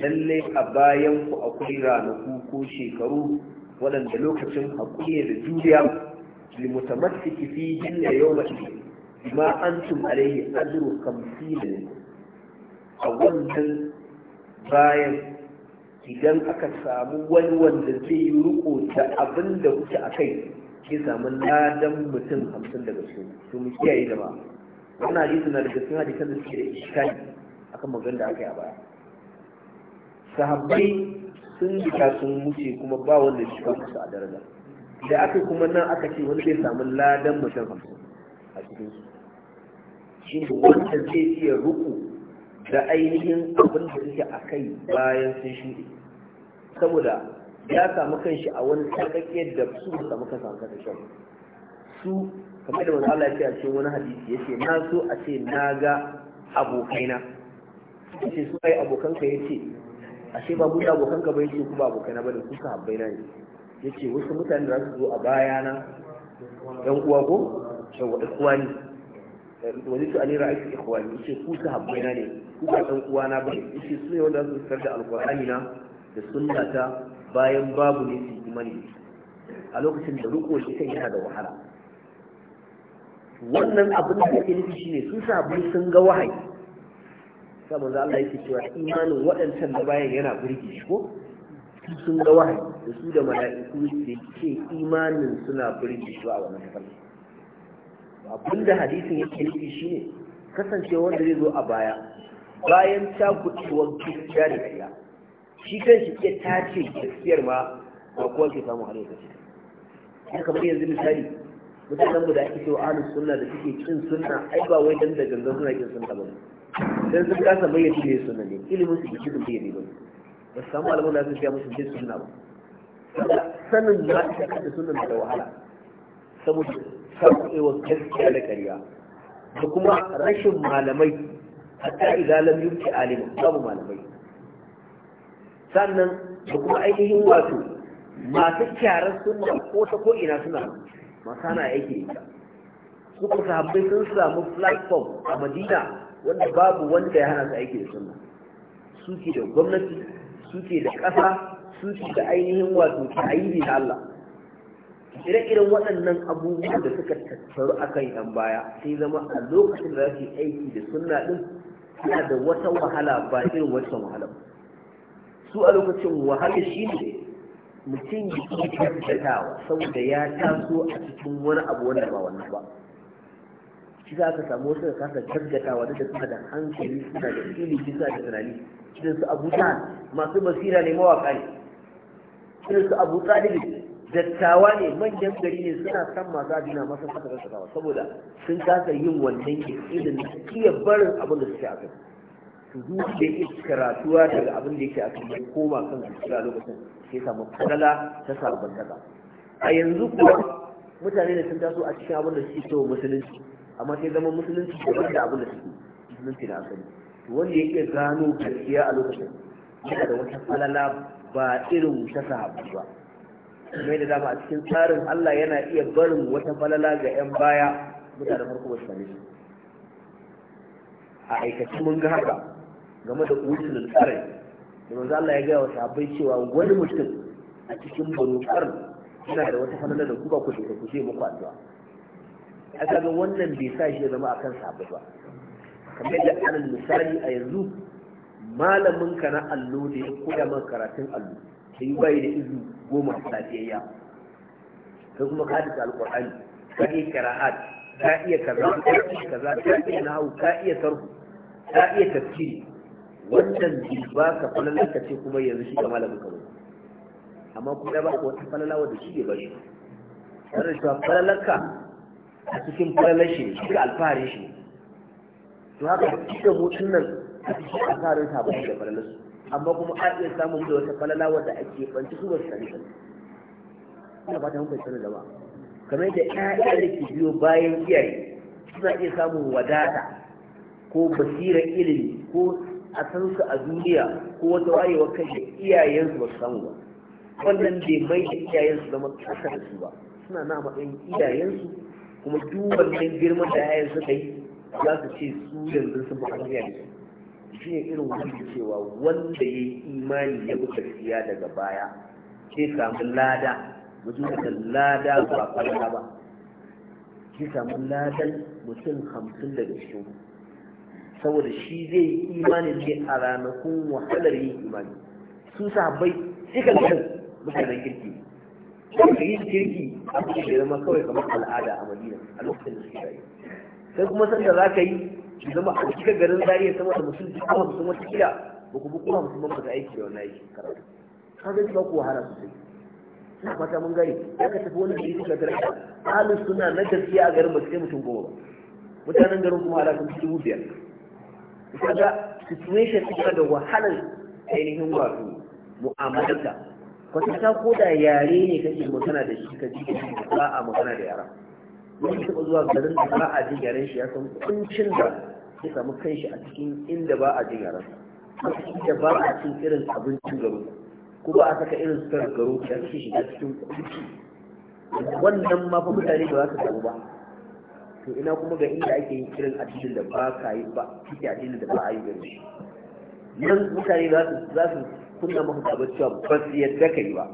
lallai a bayan ku akwai ranaku ko shekaru waɗanda lokacin hakuri da juriya limutamassiki fi hinna yawma ma antum alaihi ajru 50 a wannan bayan idan aka samu wani wanda zai yi riko da abin kuke a kai ke samu ladan mutum hamsin daga cikin to mu kiyaye da ba wannan hadisi na daga cikin hadisan da suke da iskali akan maganda da aka yi a baya sahabbai sun jika sun wuce kuma ba wanda shi shiga su a daraja da aka kuma nan aka ce wani zai samu ladan mutum a cikin su shi ne wanda zai iya ruku da ainihin abin da suke a kai bayan sun shuɗe saboda ya samu kanshi a wani sarƙaƙiyar da su ba samu kansa a shan su kamar da wani Allah ya ce a cikin wani hadisi ce na so a ce na ga abokaina ya ce su kai abokanka ya ce. ashe ba gudu abokan ka bai ku ba abokana bane ku ka habbai na ne yace wasu mutane da su zo a baya na yan uwa ko shan wa ikhwani wani su alira ake ikhwani yace ku ka habbai na ne ku ka dan uwa na bane yace su ne wanda su fitar da alqur'ani na da sunnata bayan babu ne su imani a lokacin da ruko shi kan yana da wahala wannan abin da yake nufi shine su sabu sun ga wahayi sa manzo Allah yake cewa imanin waɗancan da bayan yana burge shi ko sun ga wahayi da su da mala'iku da ke imanin suna burge shi a wannan abin da hadisin yake nufi ne kasance wanda zai zo a baya bayan cakuɗewar gaskiya da ƙarya shi kan shi ke tace gaskiyar ma ba kowa ke samu har shi. ya kamar yanzu misali mutanen mu da ake cewa ahlus sunna da suke cin sunna ai ba wai dan da gangan suna cin sunna ba sai sun kasa bayyana ne suna ne ilimin su jiki sun bayyana ba ba su samu alamun da su siya musu jin suna ba sanin da aka kasa sunan da wahala saboda sabuwa gaskiya da ƙarya da kuma rashin malamai a idan lam yurki alimin babu malamai sannan da kuma ainihin wato masu kyaran suna ko ta ko'ina ina suna masu hana aiki da ita su ku sahabbai sun samu platform a madina wanda babu wanda ya hana su aiki da sunna suke da gwamnati suke da ƙasa suke da ainihin wato ta'ayyidi da Allah ire-iren waɗannan abubuwan da suka tattaru a kan yan baya sai zama a lokacin da zafi aiki da suna ɗin suna da wata wahala ba irin wata wahala su a lokacin wahala shi ne mutum ya ke saboda ya taso a cikin wani abu wanda ba wannan ba shi za ka samu wasu da kasa gaggata wadda da suna da hankali suna da ilimi suna da tunani cikin su abu masu basira ne mawaka ne cikin su abu talibi dattawa ne manyan gari ne suna san masu adina masu kasa kasawa saboda sun kasa yin wannan ilin iya barin abin da suke a su zuciya iya karatuwa daga abin da yake a kai koma kan zuciya lokacin sai samu kala ta sabon a yanzu kuwa mutane da sun taso a cikin abin da suke so musulunci amma sai zama musulunci da da abin da suke musulunci da asali wanda yake gano gaskiya a lokacin yana da wata falala ba irin ta sahabbai ba kuma da dama a cikin tsarin Allah yana iya barin wata falala ga 'yan baya mutane farko ba su same su a aikace mun ga haka game da usulul tsarin da manzo Allah ya ga wa sahabbai cewa wani mutum a cikin banu tsarin yana da wata falala da ku ba ku shi ku muku addu'a a kaga wannan bai sa shi ya zama akan sabu ba kamar da alal misali a yanzu malamin ka na allo da ya koya man karatun allo sai yi bayi da izu goma a lafiyayya sai kuma ka hadisa alƙur'ani ka iya kira'at ka iya kaza ka iya kaza ka iya nahawu ka iya sarku ka iya tafsiri wannan bai ba ka falala ka ce kuma yanzu shi ga malamin ka amma kuma ya ba ka wata falala wanda shi ne ba shi sanar da a cikin falalar shi cikin alfaharin shi to haka da cikin hutun nan a cikin alfaharin sabon da falalar su amma kuma a iya samun da wata falala wadda ake banci su ba su sani ina ba ta hankali sanar da ba kamar da ƴaƴa da ke biyo bayan iyaye suna iya samun wadata ko basira ilimi ko a san su a duniya ko wata wayewar kai da iyayensu ba su samu ba wannan bai mai da iyayensu zama ƙasa da su ba suna na matsayin iyayensu kuma duk wannan girman da ya suka yi za su ce su yanzu sun ba hanya ne shi ne irin wanda cewa wanda ya yi imani ya bi gaskiya daga baya sai samu lada mutum da lada ba farka ba sai samu ladan mutum hamsin daga cikin saboda shi zai yi imanin ne a ranakun wahalar yin imani su sahabbai duka da mutanen girki. Kuma ka yi kirki abu da ya zama kawai kamar al'ada a madina a lokacin da suke rayu sai kuma sanda za ka yi ki zama a cika garin zariya sama da musulunci kuma hamsin wata kila ba ku bi ko hamsin ba ka aiki da wannan aiki karatu ka zai ba ku wahala sosai ina fata mun gari ya ka tafi wani gari suka tarka halin suna na gaskiya a garin ba su mutum goma ba mutanen garin kuma ala sun dubu biyar kaga situation tana da wahalar ainihin wato mu'amalarta kwata ko da yare ne kake magana da shi ka shi ba a magana da yara wani taɓa zuwa garin da ba a jin yaren shi ya san kuncin da ya samu shi a cikin inda ba a jin yaren da ba a cin irin abincin garin ko ba a saka irin kan garo ya fi shiga cikin kuki? wannan ma fa mutane ba za ka samu ba to ina kuma ga inda ake yin irin addinin da ba ka yi ba kike addinin da ba a yi nan mutane za su kunna maka gaban cewa ba su yadda ka yi ba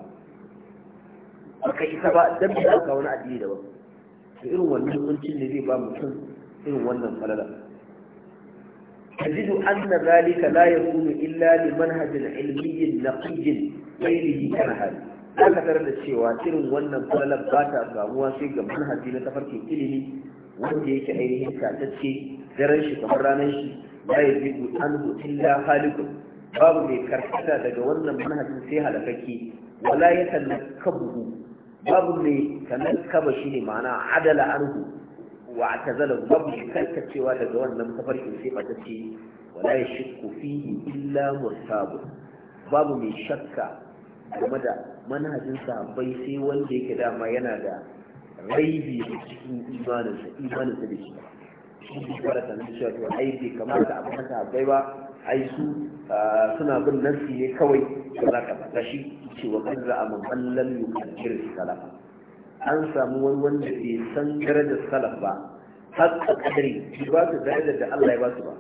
Ba ka isa ba don bi ka wani addini da ba to irin wannan hukuncin ne zai ba mutum irin wannan falala تجد أن ذلك لا يكون إلا لمنهج علمي نقي غيره كمهذا aka tarar da cewa irin wannan falalar ba ta samuwa sai ga manhaji na tafarkin ilimi wanda yake ainihin tatacce daren shi kamar ranar shi ba ya zigu an hutun halikun babu mai karkata daga wannan manhajin sai halakaki wala ya tanakkabuhu babu mai tanakkaba shine ma'ana adala anhu wa atazala babu karkacewa daga wannan tafarkin sai batacce wala ya shakku fihi illa murtabu babu mai shakka game da manhajin sahabbai sai wanda yake dama yana da raibi cikin imaninsa imaninsa da shi shi ne kwara sanar da cewa to ai bai kamata a mata sahabbai ba ai su suna bin nasi ne kawai ka kaza shi ce wa za a mamallan yukaddar salaf an samu wani wanda bai san darajar salaf ba har ka kadari ba su darajar da Allah ya ba su ba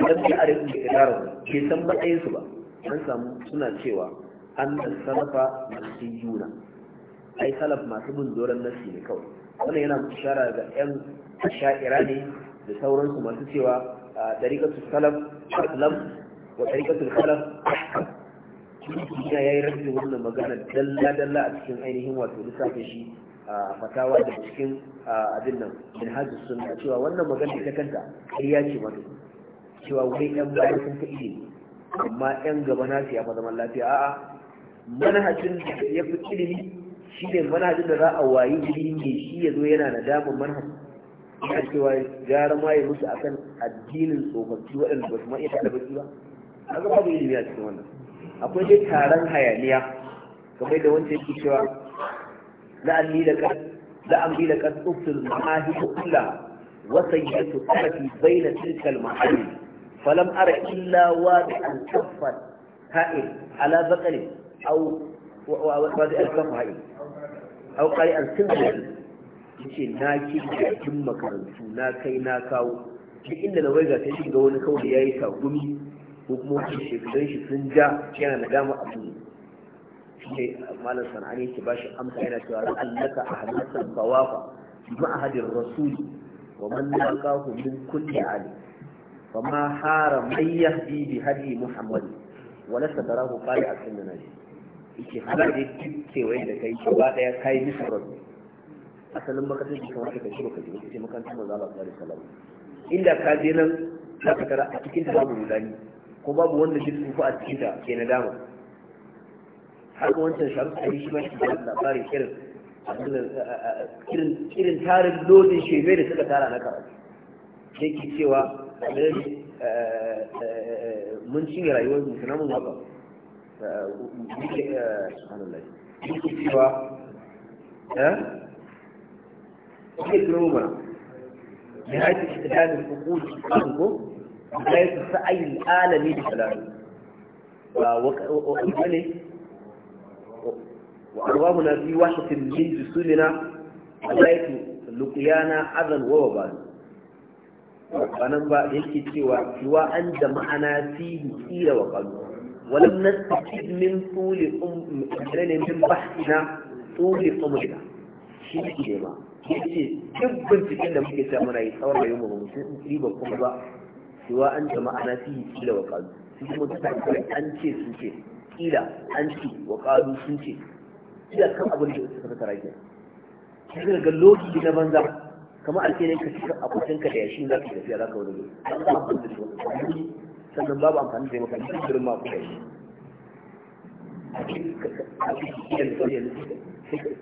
idan bai arifin da kadara ba bai san matsayin su ba an samu suna cewa an da salafa masu yuna ai salaf masu bin doron nasi ne kawai wannan yana shara ga yan sha'ira ne da sauransu masu cewa tariqatu salaf aslam wa tariqatu salaf ya yi rabbi wannan magana dalla dalla a cikin ainihin wato lissafin shi a fatawa da cikin abin nan min hajji sunna cewa wannan magana ta kanta ƙarya ce mata cewa wani ɗan bayan sun ka ilimi amma ɗan gaba na siya fa zaman lafiya a'a manhajin da ya fi ilimi shi ne manhajin da za a wayi ilimi shi ya zo yana da damar manhajin ina cewa gara ma ya musu akan addinin tsofaffi waɗanda ba su ma iya taɗa baki ba a ga babu ilimi a cikin wannan akwai dai taron hayaniya kamar da wancan yake cewa la'anni da kan la'anni da kan tsofaffi ma'ahi ko kulla وسيئة التي بين تلك المحامل al أر إلا ala كفا هائل على بقره أو واضع الكف ce na kin makarantu na kai na kawo duk inda na waiga ta shiga wani kawai da yi tagumi ko kuma wani shekarun shi sun ja yana na nadama a duniya shi ne malam sana'ani yake ba shi amsa yana cewa la'allaka ahadatan tawafa hadin rasuli wa man laqahu min kulli ali فما حار من يهدي بهدي محمد ولا ستراه قال أكثر من هذه yake hada da kewaye da kai gaba daya kai musu rabu asalin makarantar jikin kamata ka shiga kaje wata makarantar manzo Allah sallallahu tsari wasallam inda ka je nan za ka a cikin ta babu rudani ko babu wanda zai tsufa a cikin ta ke nadama har ga wancan sharu a yi shi ma shi da labarin kirin tarin lodin shebe da suka tara na karatu sai ke cewa eh, eh, eh, mun cinye rayuwar musulman mun muke subhanallah muke cewa kuma girma mana ya haiti shi da dalin hukuki kan ko da ya fi sa'ayin alami da salatu ba wa ne wa arwahu na fi washatin min jusulina alaitu luqiyana azan wa ba wa ولم نستفيد من طول أم من بحثنا طول عمرنا شيء ما yake duk binciken da muke sa muna yi tsawon rayuwar mu ba mu san riba kuma ba cewa an jama'a na fi kila wa kazu su kuma ta kai an ce sun ce kila an ce wa kazu sun ce kila kan abin da suka fara ke kira ga lokaci na banza kamar alke ne ka cika abokin ka da yashi za ka tafiya za ka wani lokaci sannan babu amfani da maka duk girma ku da shi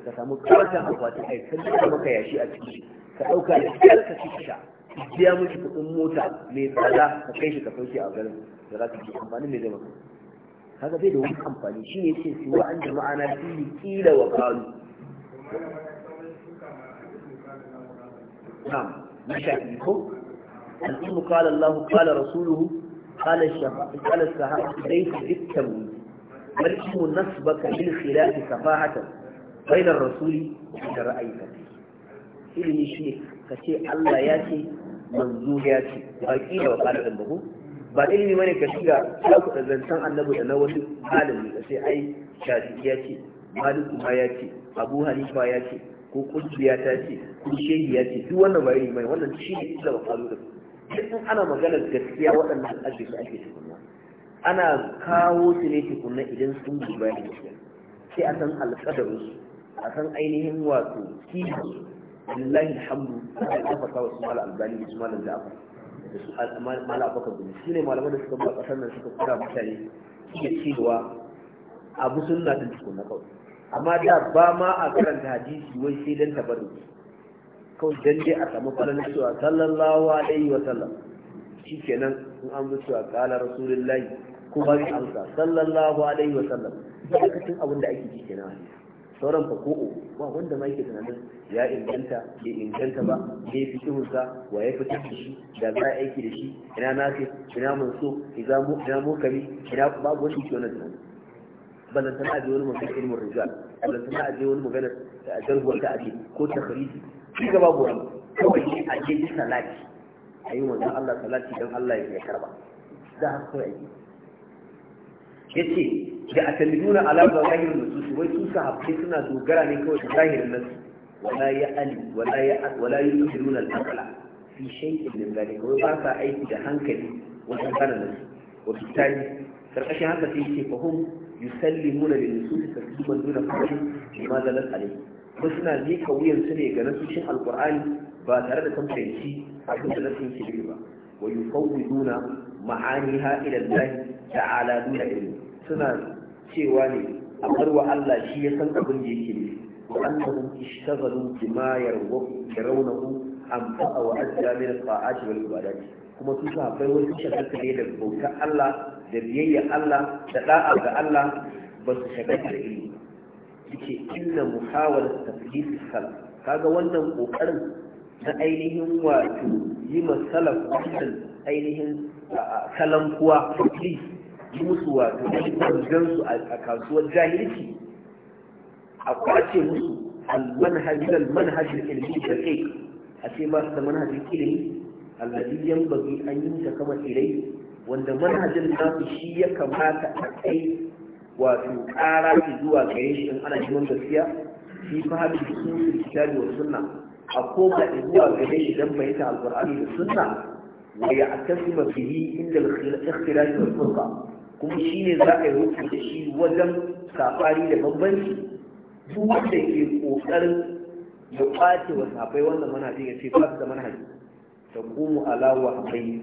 ka samu kawasan akwatin ai sun da maka yashi a ciki ka ɗauka da kyar ka ci sha biya miki kuɗin mota mai tsada ka kai shi ka sauke a garin da za ka ci amfani mai zama haka bai da wani amfani shi ne ce su wa'an jama'a na fili kila wa kalu na'am mashaƙi ko al'ilmu qala Allah qala rasuluhu qala shafa'a qala sahaba dai dukkan bal ismu nasbaka lil khilafi safahatan bain ar-rasuli da ra'ayka ilimi shi ka ce Allah ya ce manzo ya ce ba kila wa qalan ba ko ba ilimi bane ka shiga ka ku zantan annabi da na wasu malami ka ce ai shafi ya ce maliku ma ya ce abu hanifa ya ce ko kungiya ta ce ko shehi ya ce duk wannan ba ilimi bane wannan shi ne kila wa qalan duk ana maganar gaskiya waɗannan ajiye su ake tukunna ana kawo su ne tukunna idan sun ji bayan gaskiya sai a san alƙadarinsu a san ainihin wato kiwo lillahi alhamdu da kawo su mala albani da mala ja'far da su mala abaka gumi su ne malaman da suka buɗe ƙasar nan suka kura mutane suke cewa abu sunna tun tukunna kawai amma da ba ma a karanta hadisi wai sai dan tabarruki kawai dan dai a samu falon cewa sallallahu alaihi wa sallam kenan in an zo cewa qala rasulullahi ko ba shi sallallahu alaihi wa sallam lokacin abin da ake ji kenan sauran fa ko ba wanda ma yake tunanin ya inganta ya inganta ba ya fi fikihunsa wa ya fitar da shi da za a aiki da shi ina nafi ina manso ina mokami ina babu wani ke wannan tunanin ballan sana aje wani magana ilmin rijal ballan sana aje wani magana a eh, jarguwar ta ake ko ta khariji shi ga babu wani kawai shi a je salati a yi wannan Allah salati don Allah ya karba da haka kawai ake Ya ce, da nuna ala zahirin nusus wai su sahabbai suna dogara ne kawai da zahirin nasu wala ya ali wala ya wala yusiluna al-aqla fi shay'in min dhalik wai ba sa aiki da hankali wajen kana nasu wa bitali karkashin haka sai muna da hum yusallimuna lin nusus tasliman duna shi, ma zalat alayhi ko suna mika wuyan su ne ga nasushin Alƙur'ani, ba tare da tambayanci abin da nasu yake ba wa yufawwiduna ma'aniha ila Allah ta'ala duna ilmi suna cewa ne a barwa Allah shi ya san abin da yake ne wa annahum ishtaghalu bima yarawnahu an fa'a wa ajra min al wal ibadat kuma su sahabbai wasu shagalta ne da bautar Allah da biyayya Allah da da'a ga Allah ba su shagalta da ilimi yake inna muhawalat tafhid salaf kaga wannan kokarin na ainihin wato yi masalaf wannan ainihin kalan kuwa please yi musu wato ɗan su a kasuwar jahilci a kwace musu al-manhajin manhajin ilmi da kai a ce da manhajin ilimi alladhi yanbaghi an ta kama ilai wanda manhajin nasu shi ya kamata a kai wato ƙara zuwa gare shi in ana jiman gaskiya fi fahimci sunan kitabi wa sunna a koma zuwa gare shi dan al alqur'ani da sunna wa ya'tasimu bihi inda al-ikhtilaf wal furqa kuma shi ne za a yi rufe da shi wajen safari da bambanci duk wanda ke ƙoƙarin ya ƙwace wa safai wannan manhaji ya ce ba da manhaji ta komo alawa haɓai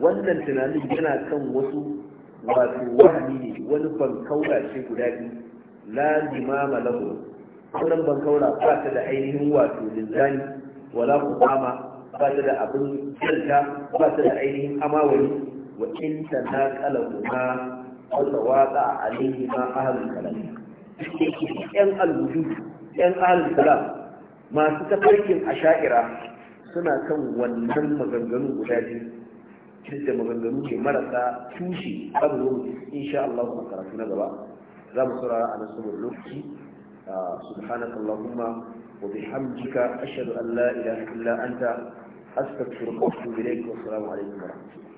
wannan tunanin yana kan wasu wato wahani ne wani bankaura ce guda biyu lazima malahu wannan bankaura ba ta da ainihin wato linzani wala kuma ba ta da abin kyanta ba ta da ainihin amawari wa in ta naƙala kuma wata a alaihi ma ahalin kalam yan alwudu yan ahalin kalam masu tafarkin asha'ira suna kan wannan maganganu guda biyu duk da maganganu ne marasa tushe abu zo insha Allah a karatu na gaba za mu saurara a nasarar lokaci ah, subhanaka allahumma wa bihamdika ashhadu an la ilaha illa anta astaghfiruka wa atubu ilayk wa assalamu alaikum wa rahmatullahi